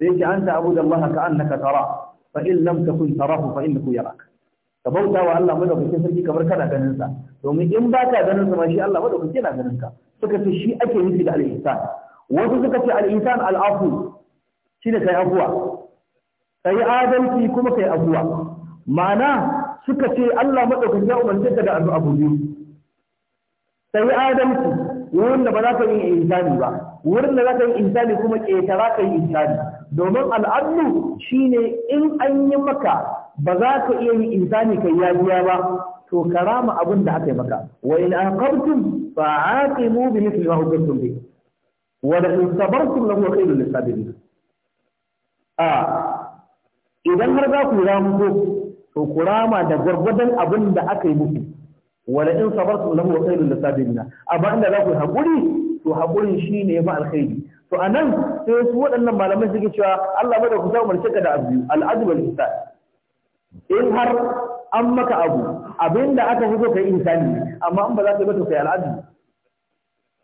[SPEAKER 1] sai ce anta abuda Allah ka annaka tara fa in lam takun tarahu fa innahu yarak ka bauta wa Allah madaukakin sarki kamar kana ganin sa domin in baka ganin sa ma shi Allah madaukaki yana ganin ka suka ce shi ake nufi da al-insan wasu suka ce al'insan al'afu shi ne sai afuwa Sai adalci kuma kai afuwa ma'ana suka ce Allah maɗaukar ya umarci daga da abu abu biyu Sai adalci wurin da ba za ka yi insani ba wurin da za ka yi insani kuma ƙetara ka yi insani domin al'adu shine in an yi maka ba za ka iya yi insani kai yajiya ba to karama abin da aka yi maka wa in aqabtum fa aqimu bi mithli ma uqibtum bihi wa da in sabartum lahu khairul lisabirin a idan har za ku ramko to ku rama da gwargwadon abin da aka yi muku in da in sabartum lahu khairul lisabirin amma inda za ku yi hakuri to hakurin shine ya ma alkhairi to a nan sai su waɗannan malamai suke cewa Allah bai da ku sa umarce ka da abu al'adu wal ihsan in har an maka abu abinda aka fito kai insani amma in ba za ka yi ba to kai al'adu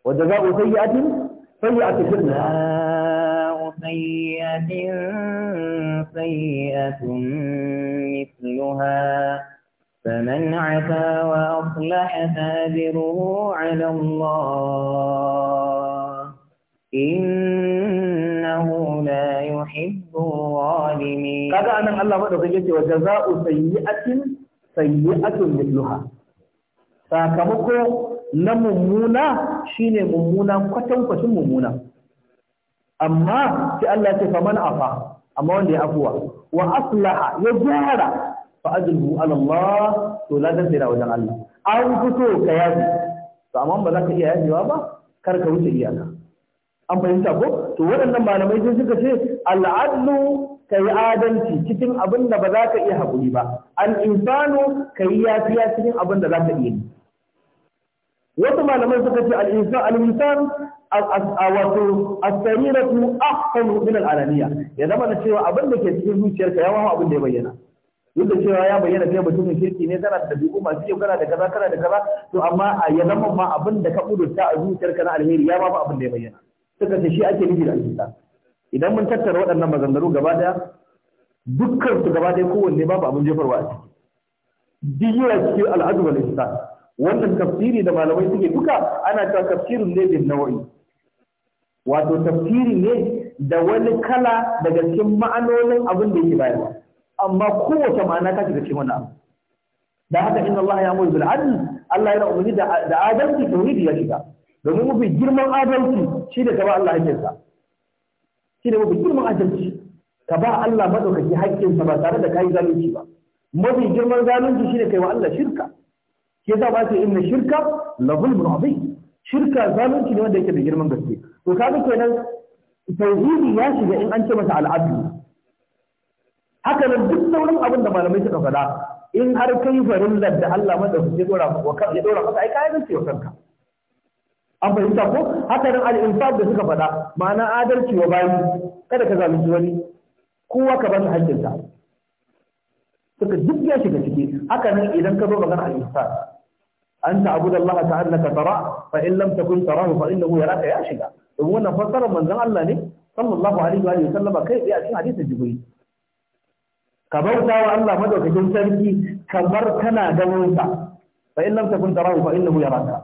[SPEAKER 1] wa jazaa'u
[SPEAKER 2] sayyi'atin سيئة جزاء سيئة سيئة مثلها فمن عفا وأصلح فأجره على الله إنه لا يحب الظالمين كذا أنا الله مدى سيئة وجزاء سيئة سيئة
[SPEAKER 1] مثلها فكمكو na mummuna shine mummuna kwatankwacin mummuna amma sai Allah ya ce faman afa amma wanda ya afuwa wa aslaha ya gyara fa ajruhu ala Allah to ladan dan wajen Allah an fito ka yaji to amma ba za ka iya yajewa ba kar ka wuce iyaka an fahimta ko to waɗannan malamai sun suka ce al'adlu ka yi adalci cikin abin da ba za ka iya haƙuri ba al insanu ka yi yafiya cikin abin da za ka iya yi wasu malaman suka ce al-insan al-insan wato as-sariratu ahkamu min al-alaniya ya zama da cewa abin da ke cikin zuciyarka ya wahu abin da ya bayyana duk da cewa ya bayyana kai mutumin kirki ne kana da dabi'u masu yau kana da kaza kana da kaza to amma ya zama ma abin da ka kudurta a zuciyarka na alheri ya ba abin da ya bayyana suka ce shi ake nufi da al-insan idan mun tattara waɗannan maganganu gaba daya dukkan su gaba daya kowanne babu abin jefarwa a ciki duk yawa cikin al'adu wal ihsan wannan tafsiri da malamai suke duka ana cewa tafsirin ne da nawa'i wato tafsiri ne da wani kala daga cikin ma'anonin abin da yake bayarwa amma kowace ma'ana ta shiga cikin wannan abu da haka inna Allah ya amuru bil adl Allah yana umarni da adalci tauhidi ya shiga domin mafi girman adalci shi da kaba Allah sa shi ne mafi girman adalci ka ba Allah madaukaki haƙƙinsa ba tare da kai zalunci ba mafi girman zalunci ne kai wa Allah shirka za ba sai inna shirka la zulmun azim shirka zalunci ne wanda yake da girman gaske to kaga kenan tauhidi ya shiga in an ce masa al'adu haka nan duk sauran abin da malamai suka faɗa in har kai farillar da Allah madaukaki ya dora maka ya dora maka ai kayan wa kanka an fahimta ko haka nan al-insaf da suka faɗa ma'ana adalci wa bayi kada ka zalunci wani kowa ka ba shi haƙƙinsa suka duk ya shiga ciki haka nan idan ka zo magana al-insaf an ta'budu Allah ka annaka tara fa in lam takun tarahu fa innahu yaraka ya shiga domin wannan fassarar manzon Allah ne sallallahu alaihi wa sallama kai tsaye a cikin hadisin Jibril ka bauta wa Allah madaukakin sarki kamar kana ganin sa fa in lam takun tarahu fa innahu yaraka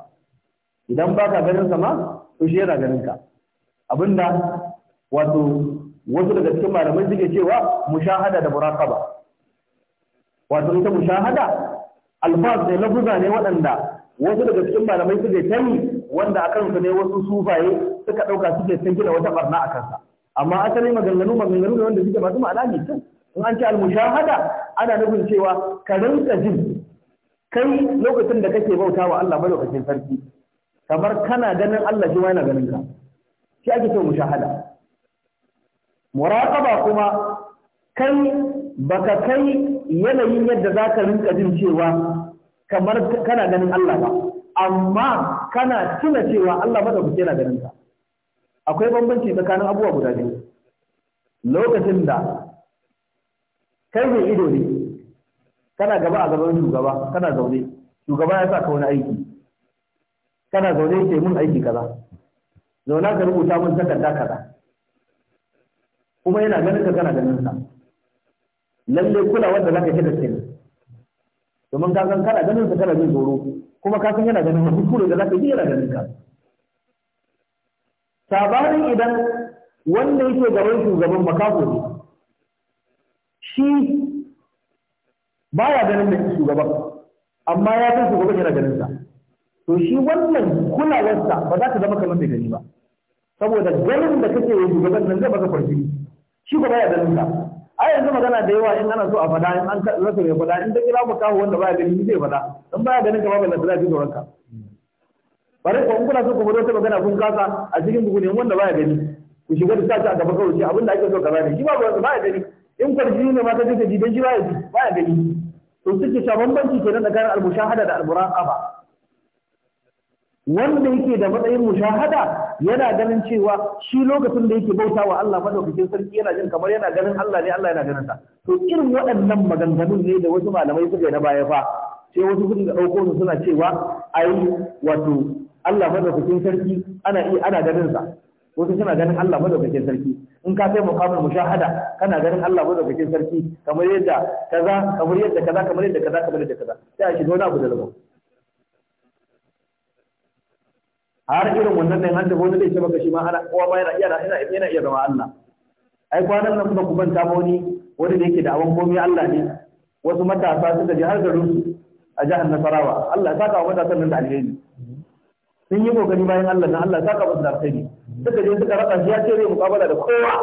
[SPEAKER 1] idan ba ka ganin sa ma to shi yana ganin ka abinda wato wasu daga cikin malamai suke cewa mushahada da muraqaba wato ita mushahada alfaz ne lafuza ne waɗanda wasu daga cikin malamai suke tani wanda a kansu ne wasu sufaye suka ɗauka suke ta gina wata barna a kansa amma asali maganganu maganganu ne wanda suke masu ma'ana ne tun in an ce almushahada ana nufin cewa ka rinka jin kai lokacin da kake bauta wa Allah madaukakin sarki kamar kana ganin Allah shi ma yana ganin ka shi ake cewa mushahada muraqaba kuma kai baka kai yanayin yadda za ka rinka jin cewa kamar kana ganin Allah ba amma kana tuna cewa Allah ku yana ganin ka akwai bambanci tsakanin abubuwa guda biyu lokacin da kai mai ido ne kana gaba a gaban shugaba kana zaune shugaba ya sa ka wani aiki kana zaune ke mun aiki kaza zauna ka rubuta mun takarda kaza kuma yana ganin ka kana ganin sa lalle kula wanda zaka ji da sani domin ka san kana ganin sa kana jin tsoro kuma ka san yana ganin wani kure da zaka ji yana ganin ka sabarin idan wanda yake gaban shugaban makaho ne shi baya ganin da shugaban amma ya san shugaban yana ganin sa to shi wannan kulawarsa ba za ta zama kamar bai gani ba saboda ganin da kake yi shugaban nan zai baka farfi shi ba ya ganin ka a yanzu magana da yawa in ana so a faɗa in an rasa mai faɗa in ta kira ku kawo wanda baya gani zai faɗa in baya ganin ka ba balla da zai tsoron ka bare ko in kuna so ku fito ta magana kun kasa a cikin bugu ne wanda baya gani ku shiga da sace a gaba kawai shi abinda ake so ka bani shi ba ba baya gani in kwarjini ne ma ta ji dan shi baya ji baya gani to suke ta bambanci kenan tsakanin al-mushahada da al-muraqaba wanda yake da matsayin mushahada yana ganin cewa shi lokacin da yake bauta wa Allah madaukakin sarki yana jin kamar yana ganin Allah ne Allah yana ganin sa to irin waɗannan maganganun ne da wasu malamai suka na baya fa sai wasu kudi da ɗauko su suna cewa ai wato Allah madaukakin sarki ana iya ana ganin sa wasu suna ganin Allah madaukakin sarki in ka kai mukamin mushahada kana ganin Allah madaukakin sarki kamar yadda kaza kamar yadda kaza kamar yadda kaza kamar yadda kaza sai a shiga wani abu da zama. har irin wannan ne an da wani zai ce maka shi ma ana kowa ma yana iya yana iya zama Allah ai kwanan nan kuma ku banta ba wani wani da yake da awan komai Allah ne wasu matasa suka je har garin su a jihar Nasarawa Allah ya saka wa matasan nan da alheri sun yi kokari bayan Allah na Allah ya saka musu da alheri suka je suka raka shi ya ce zai mukabala da kowa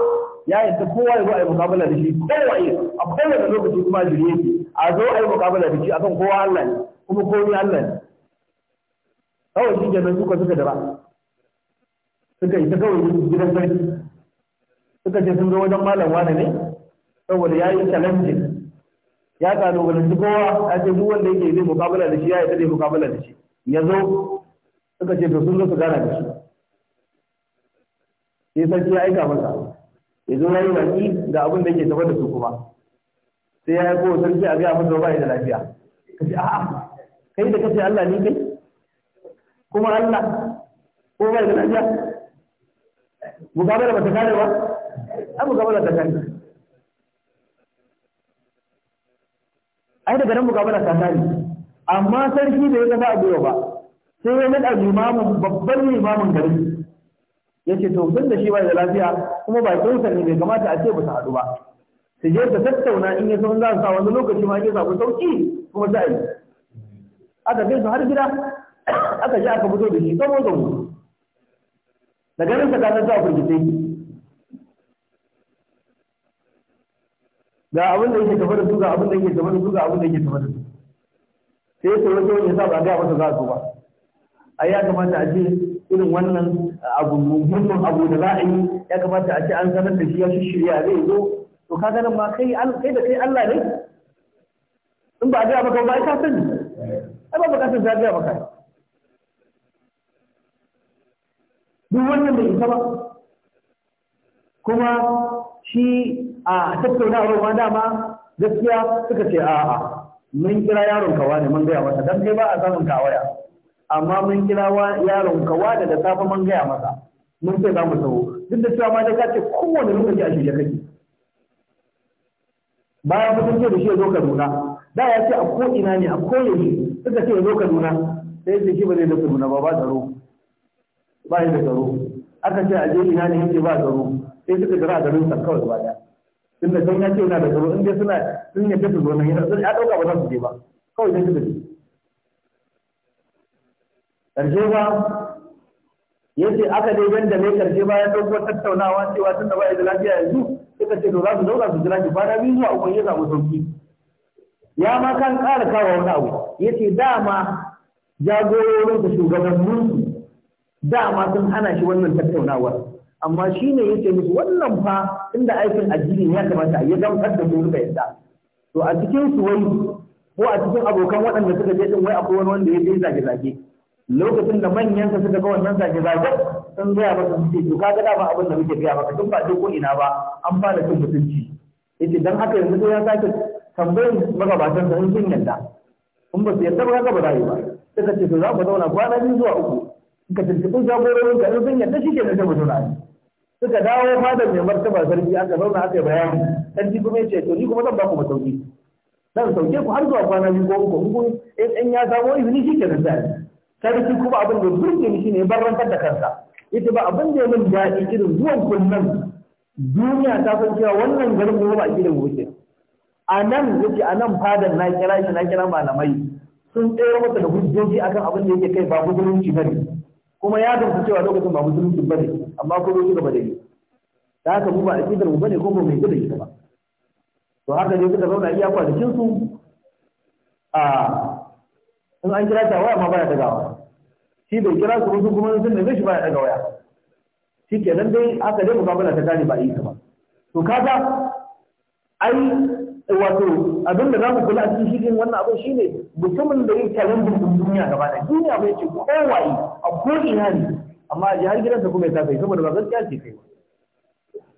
[SPEAKER 1] ya yi ta kowa ya zo a yi mukabala da shi kowa ya a kowane lokaci kuma jiri yake a zo a yi mukabala da shi akan kowa Allah ne kuma komai Allah ne kawai shi kenan suka suka dara suka isa kawai gidan sarki suka ce sun zo wajen malam wane ne saboda ya yi challenge ya kalubalanci kowa ya ce duk wanda yake zai mukabala da shi ya yi zai mukabala da shi ya zo suka ce to sun zo su gana da shi sai sarki ya aika masa ya zo ya yi baki ga abin da yake tafa da su kuma sai ya aiko sarki a gaya masa ba ya da lafiya kace a'a kai da kace Allah ne kai kuma Allah ko bai da mu ga bala ta kare ba ga bala ta kare ai mu ga bala ta kare amma sarki bai zama a biyo ba sai ya nada limamin babban limamin garin. ya ce to tun da shi bai da lafiya kuma ba kinsa ne bai kamata a ce ba ta haɗu ba su je ta tattauna in ya san za su sa wani lokaci ma ya samu sauki kuma za a yi aka kai su har gida aka ji aka fito da shi zamo Da daga nan tsakanin ta firgice ga abin da yake tafa da su ga abin da yake tafa da su ga abin da yake tafa da su sai su wajen wani sa ba ga masa za su ba a ya kamata a ce irin wannan abu muhimmin abu da za a yi ya kamata a ce an sanar da shi ya shi shirya zai zo to ka ganin ma kai kai da kai Allah ne in ba a ga maka ba ka sani ai ba ka san ta ga maka duk wannan bai isa ba kuma shi a tattaunawar ma dama gaskiya suka ce a'a mun kira yaron kawa ne mun gaya masa dan kai ba a samun kawaya amma mun kira yaron kawa da da safa mun gaya masa mun ce za mu taho duk da cewa ma da kace kowane lokaci a shirye kake bayan mutum ce da shi ya zo Kaduna da ya ce a ko ina ne a ko yaushe suka ce ya zo Kaduna sai ya ce shi ba zai zo Kaduna ba ba tsaro ba shi da tsaro aka ce a je ina ne yake ba tsaro sai suka jira a garin sa kawai ba tun da ya ce yana da tsaro in suna sun yadda su zo nan yana ya dauka ba za su je ba kawai sai suka je karshe ba ya ce aka dai ganda ne karshe ba ya dauko tattaunawa cewa tun da ba da lafiya yanzu suka ce to za su zauna su jira Ba na biyu zuwa uku ya samu sauki ya ma kan ƙara kawo wani abu ya ce dama jagororin da shugabanninsu dama sun hana shi wannan tattaunawar amma shi ne ya ce musu wannan fa inda aikin addini ya kamata ya zama da mu suka yadda to a cikin su ko a cikin abokan waɗanda suka je din wai akwai wani wanda ya je zage-zage lokacin da manyan ka suka ga wannan zage-zage sun gaya maka su ce to kaga dama abin da muke gaya maka tun ba ko ina ba an fara cin mutunci yace dan haka yanzu ya sake tambayar magabatan sa in sun yadda in ba su yadda ba ya ba za ba suka ce to za mu zauna kwana biyu zuwa uku ka tuntuɓi jagororin ka sun yadda shi ke na zama suka dawo fadar mai martaba sarki aka zauna aka yi bayani sarki kuma ya ce to ni kuma zan ba ku masauki zan sauke ku har zuwa kwana biyu ko uku kun in ya samo izini shi ke na zai sarki kuma abin da burge ni shine barrantar da kansa Ita ba abin da ya min daɗi irin zuwan kullum duniya ta san cewa wannan garin mu ba gidan mu ke a nan yace a nan fadar na kira shi na kira malamai sun tsere masa da hujjoji akan abin da yake kai ba musulunci bane kuma ya gamsu cewa lokacin ba musulunci bane amma ko zo gaba da ni da haka mu ba aqidar mu bane ko ba mai gida ita ba to haka ne suka zauna iya kwanakin su a in an kira ta waya ma baya dagawa shi bai kira su sun kuma sun ne shi baya daga waya shi kenan dai haka dai mukabala ta gane ba yi ta ba to kaga ai wato abin da za mu kula a cikin shirin wannan abin shine mutumin da ya challenge din duniya gaba da duniya bai ce kowaye a ko ina ne amma a jihar gidansa kuma ya tafi saboda ba gaskiya ce kai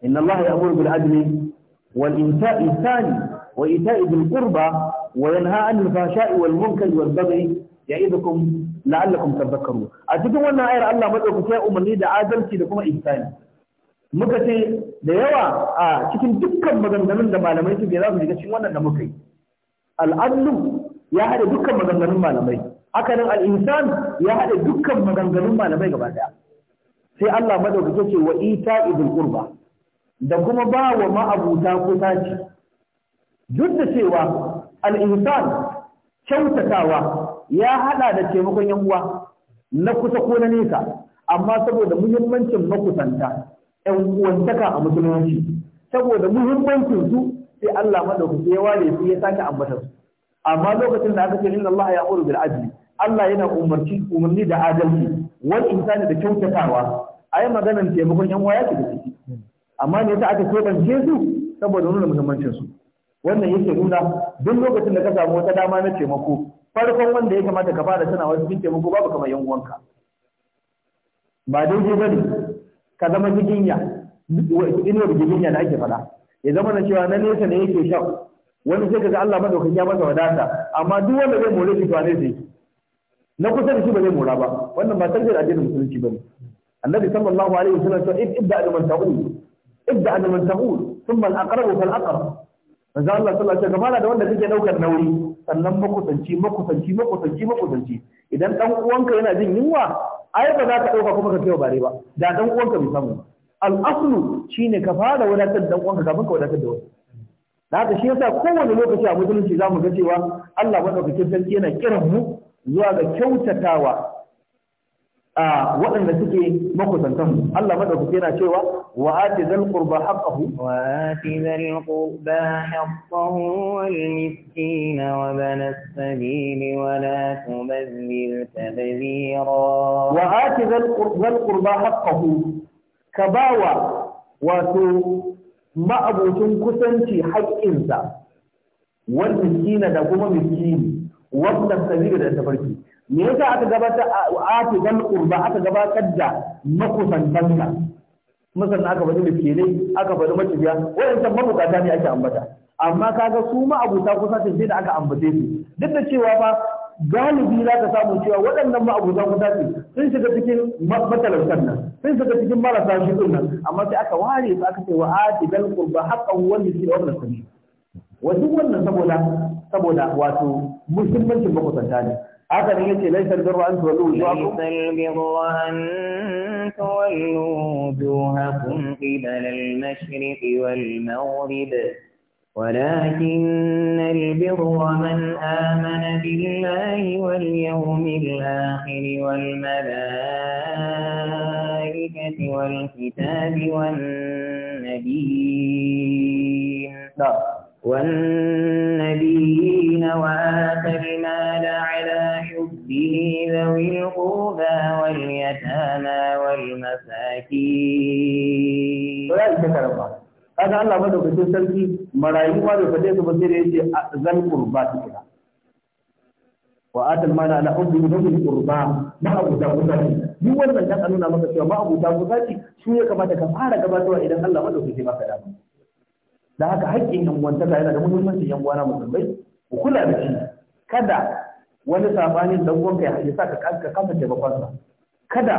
[SPEAKER 1] inna Allah ya amuru bil adli wal insa'i thani wa ita'i bil qurba wa yanha 'anil fahsha'i wal munkari wal baghi ya'idukum la'allakum tadhakkarun a cikin wannan ayar Allah madaukaki ya umarni da adalci da kuma ihsani muka ce da yawa a cikin dukkan maganganun da malamai suke za su shiga cikin wannan da muka yi al'adlu ya haɗa dukkan maganganun malamai haka al'insan ya haɗa dukkan maganganun malamai gaba ɗaya sai Allah madaukake ce wa ita ibul qurba da kuma ba wa ma'abuta kusaci duk da cewa al'insan kyautatawa ya haɗa da taimakon yan uwa na kusa ko na nesa amma saboda muhimmancin makusanta 'yan uwantaka a musulunci saboda muhimmancin su sai Allah madaukaki ya ware su ya sake ambata su amma lokacin da aka ce inna Allah ya'muru bil adli Allah yana umarci umarni da adalci wal insani da kyautatawa ai maganar taimakon yan waya ke da ciki amma ne ta aka tobance su saboda nuna muhimmancin su wannan yake nuna duk lokacin da ka samu wata dama na taimako farkon wanda ya kamata ka fara tana cikin taimako babu kamar yan uwanka ba daidai bane ka zama jiginya inuwar jiginya na ake faɗa ya zama na cewa na nesa ne yake shan wani sai kaga Allah madaukaki ya masa wadata amma duk wanda zai more shi to ne zai na kusa da shi ba zai mora ba wannan ba tarbiyar addinin musulunci bane annabi sallallahu alaihi wasallam to ibda da man ta'ul ibda da man ta'ul thumma al-aqrab fal aqrab manzo Allah sallallahu alaihi wasallam da wanda kake daukar nauyi sannan makusanci makusanci makusanci makusanci idan dan uwanka yana jin yunwa ayar ba za ta ɗauka kuma ka wa bare ba da dan uwanka bai samu ba shi ne ka fara wadatar da uwanka kafin ka wadatar da wasu da haka shi yasa kowane lokaci a musulunci za mu ga cewa Allah madaukakin sarki yana kiran mu zuwa ga kyautatawa a waɗanda suke makusantan mu
[SPEAKER 2] Allah madaukake yana cewa wa ati zal qurba haqqahu wa ati zal qurba haqqahu wal miskin wa bana as-sabil wa la tubdhir tabdhira wa
[SPEAKER 1] ati zal qurba haqqahu ka bawa wato ma'abucin kusanci haƙƙinsa wal miskin da kuma miskini wannan sabila da tafarki me yasa aka gabatar ati dal qurba aka gabatar da makusantanka musan aka faɗi miskinai aka faɗi macibiya waɗancan mabukata ne ake ambata amma kaga su ma abuta kusa sai da aka ambace su duk da cewa fa galibi za ka samu cewa waɗannan ma'abutan kusaci sun shiga cikin matalautan nan sun shiga cikin marasa shi nan amma sai aka ware su aka ce wa ati dal qurba haqqan wani shi da wannan sabil wa duk wannan saboda saboda wato musulmancin makusanta ne أكد يأتي ليس البر أن تولوا وجوهكم
[SPEAKER 2] ليس البر أن تولوا وجوهكم قبل المشرق والمغرب ولكن البر من آمن بالله واليوم الآخر والملائكة والكتاب والنبيين نعم. والنبيين وآخرين ذوي القربى واليتامى
[SPEAKER 1] والمساكين kaga Allah madaukakin sarki marayu ma da fade su basira yace zal qurba kira wa atal mana ala ubbi bil qurba ma abu da kusaci duk wannan dan nuna maka cewa ma abu da kusaci shi ya kamata ka fara gabatarwa idan Allah madaukaki baka dama da haka haƙƙin yan uwantaka yana da muhimmanci yan uwana musulmai ku kula da shi kada wani sabanin dan uwanka ya sa ka kasa taimakon sa kada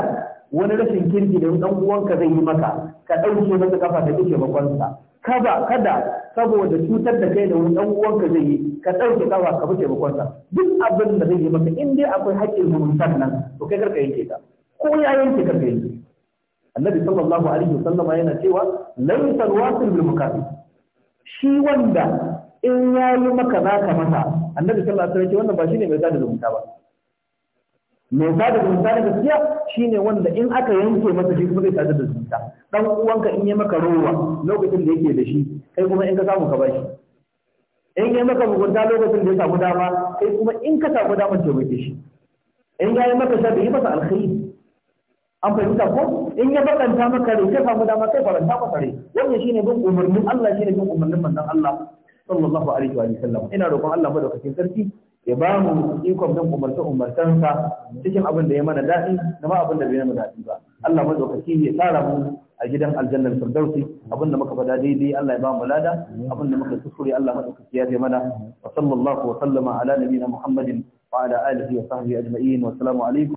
[SPEAKER 1] wani rashin kirki da dan uwanka zai yi maka ka dauke masa kafa da kike bakon sa kada kada saboda cutar da kai da wani dan uwanka zai yi ka dauke kafa ka fice bakon sa duk abin da zai yi maka in dai akwai haƙƙin mumuntan nan to kai karka yanke ta ko ya yanke karka yanke annabi sallallahu alaihi wasallam yana cewa laysa alwasil bil mukafi shi wanda in ya yi maka za ka masa annabi sallallahu alaihi wasallam wannan ba shine mai sada zumunta ba mai sada zumunta na gaskiya shine wanda in aka yanke masa shi kuma zai sada da zumunta dan uwanka in ya maka rowa lokacin da yake da shi kai kuma in ka samu ka bashi in ya maka mugunta lokacin da ya samu dama kai kuma in ka samu damar taimake shi in ya yi maka shafi yi masa alkhairi an fahimta ko in ya bakanta maka rai ka samu dama kai faranta maka rai wannan shine bin umarnin Allah shine bin umarnin manzon Allah sallallahu alaihi wa sallam ina roƙon Allah madaukakin sarki ya ba mu ikon don umarta umartansa cikin abin da ya mana daɗi da ma abin da bai mana daɗi ba Allah madaukaki ya tsara mu a gidan aljannar firdausi abin da muka faɗa daidai Allah ya ba mu lada abin da muka kuskure Allah madaukaki ya bai mana wa sallallahu wa sallama ala nabiyina Muhammadin wa ala alihi wa sahbihi ajma'in wa assalamu alaikum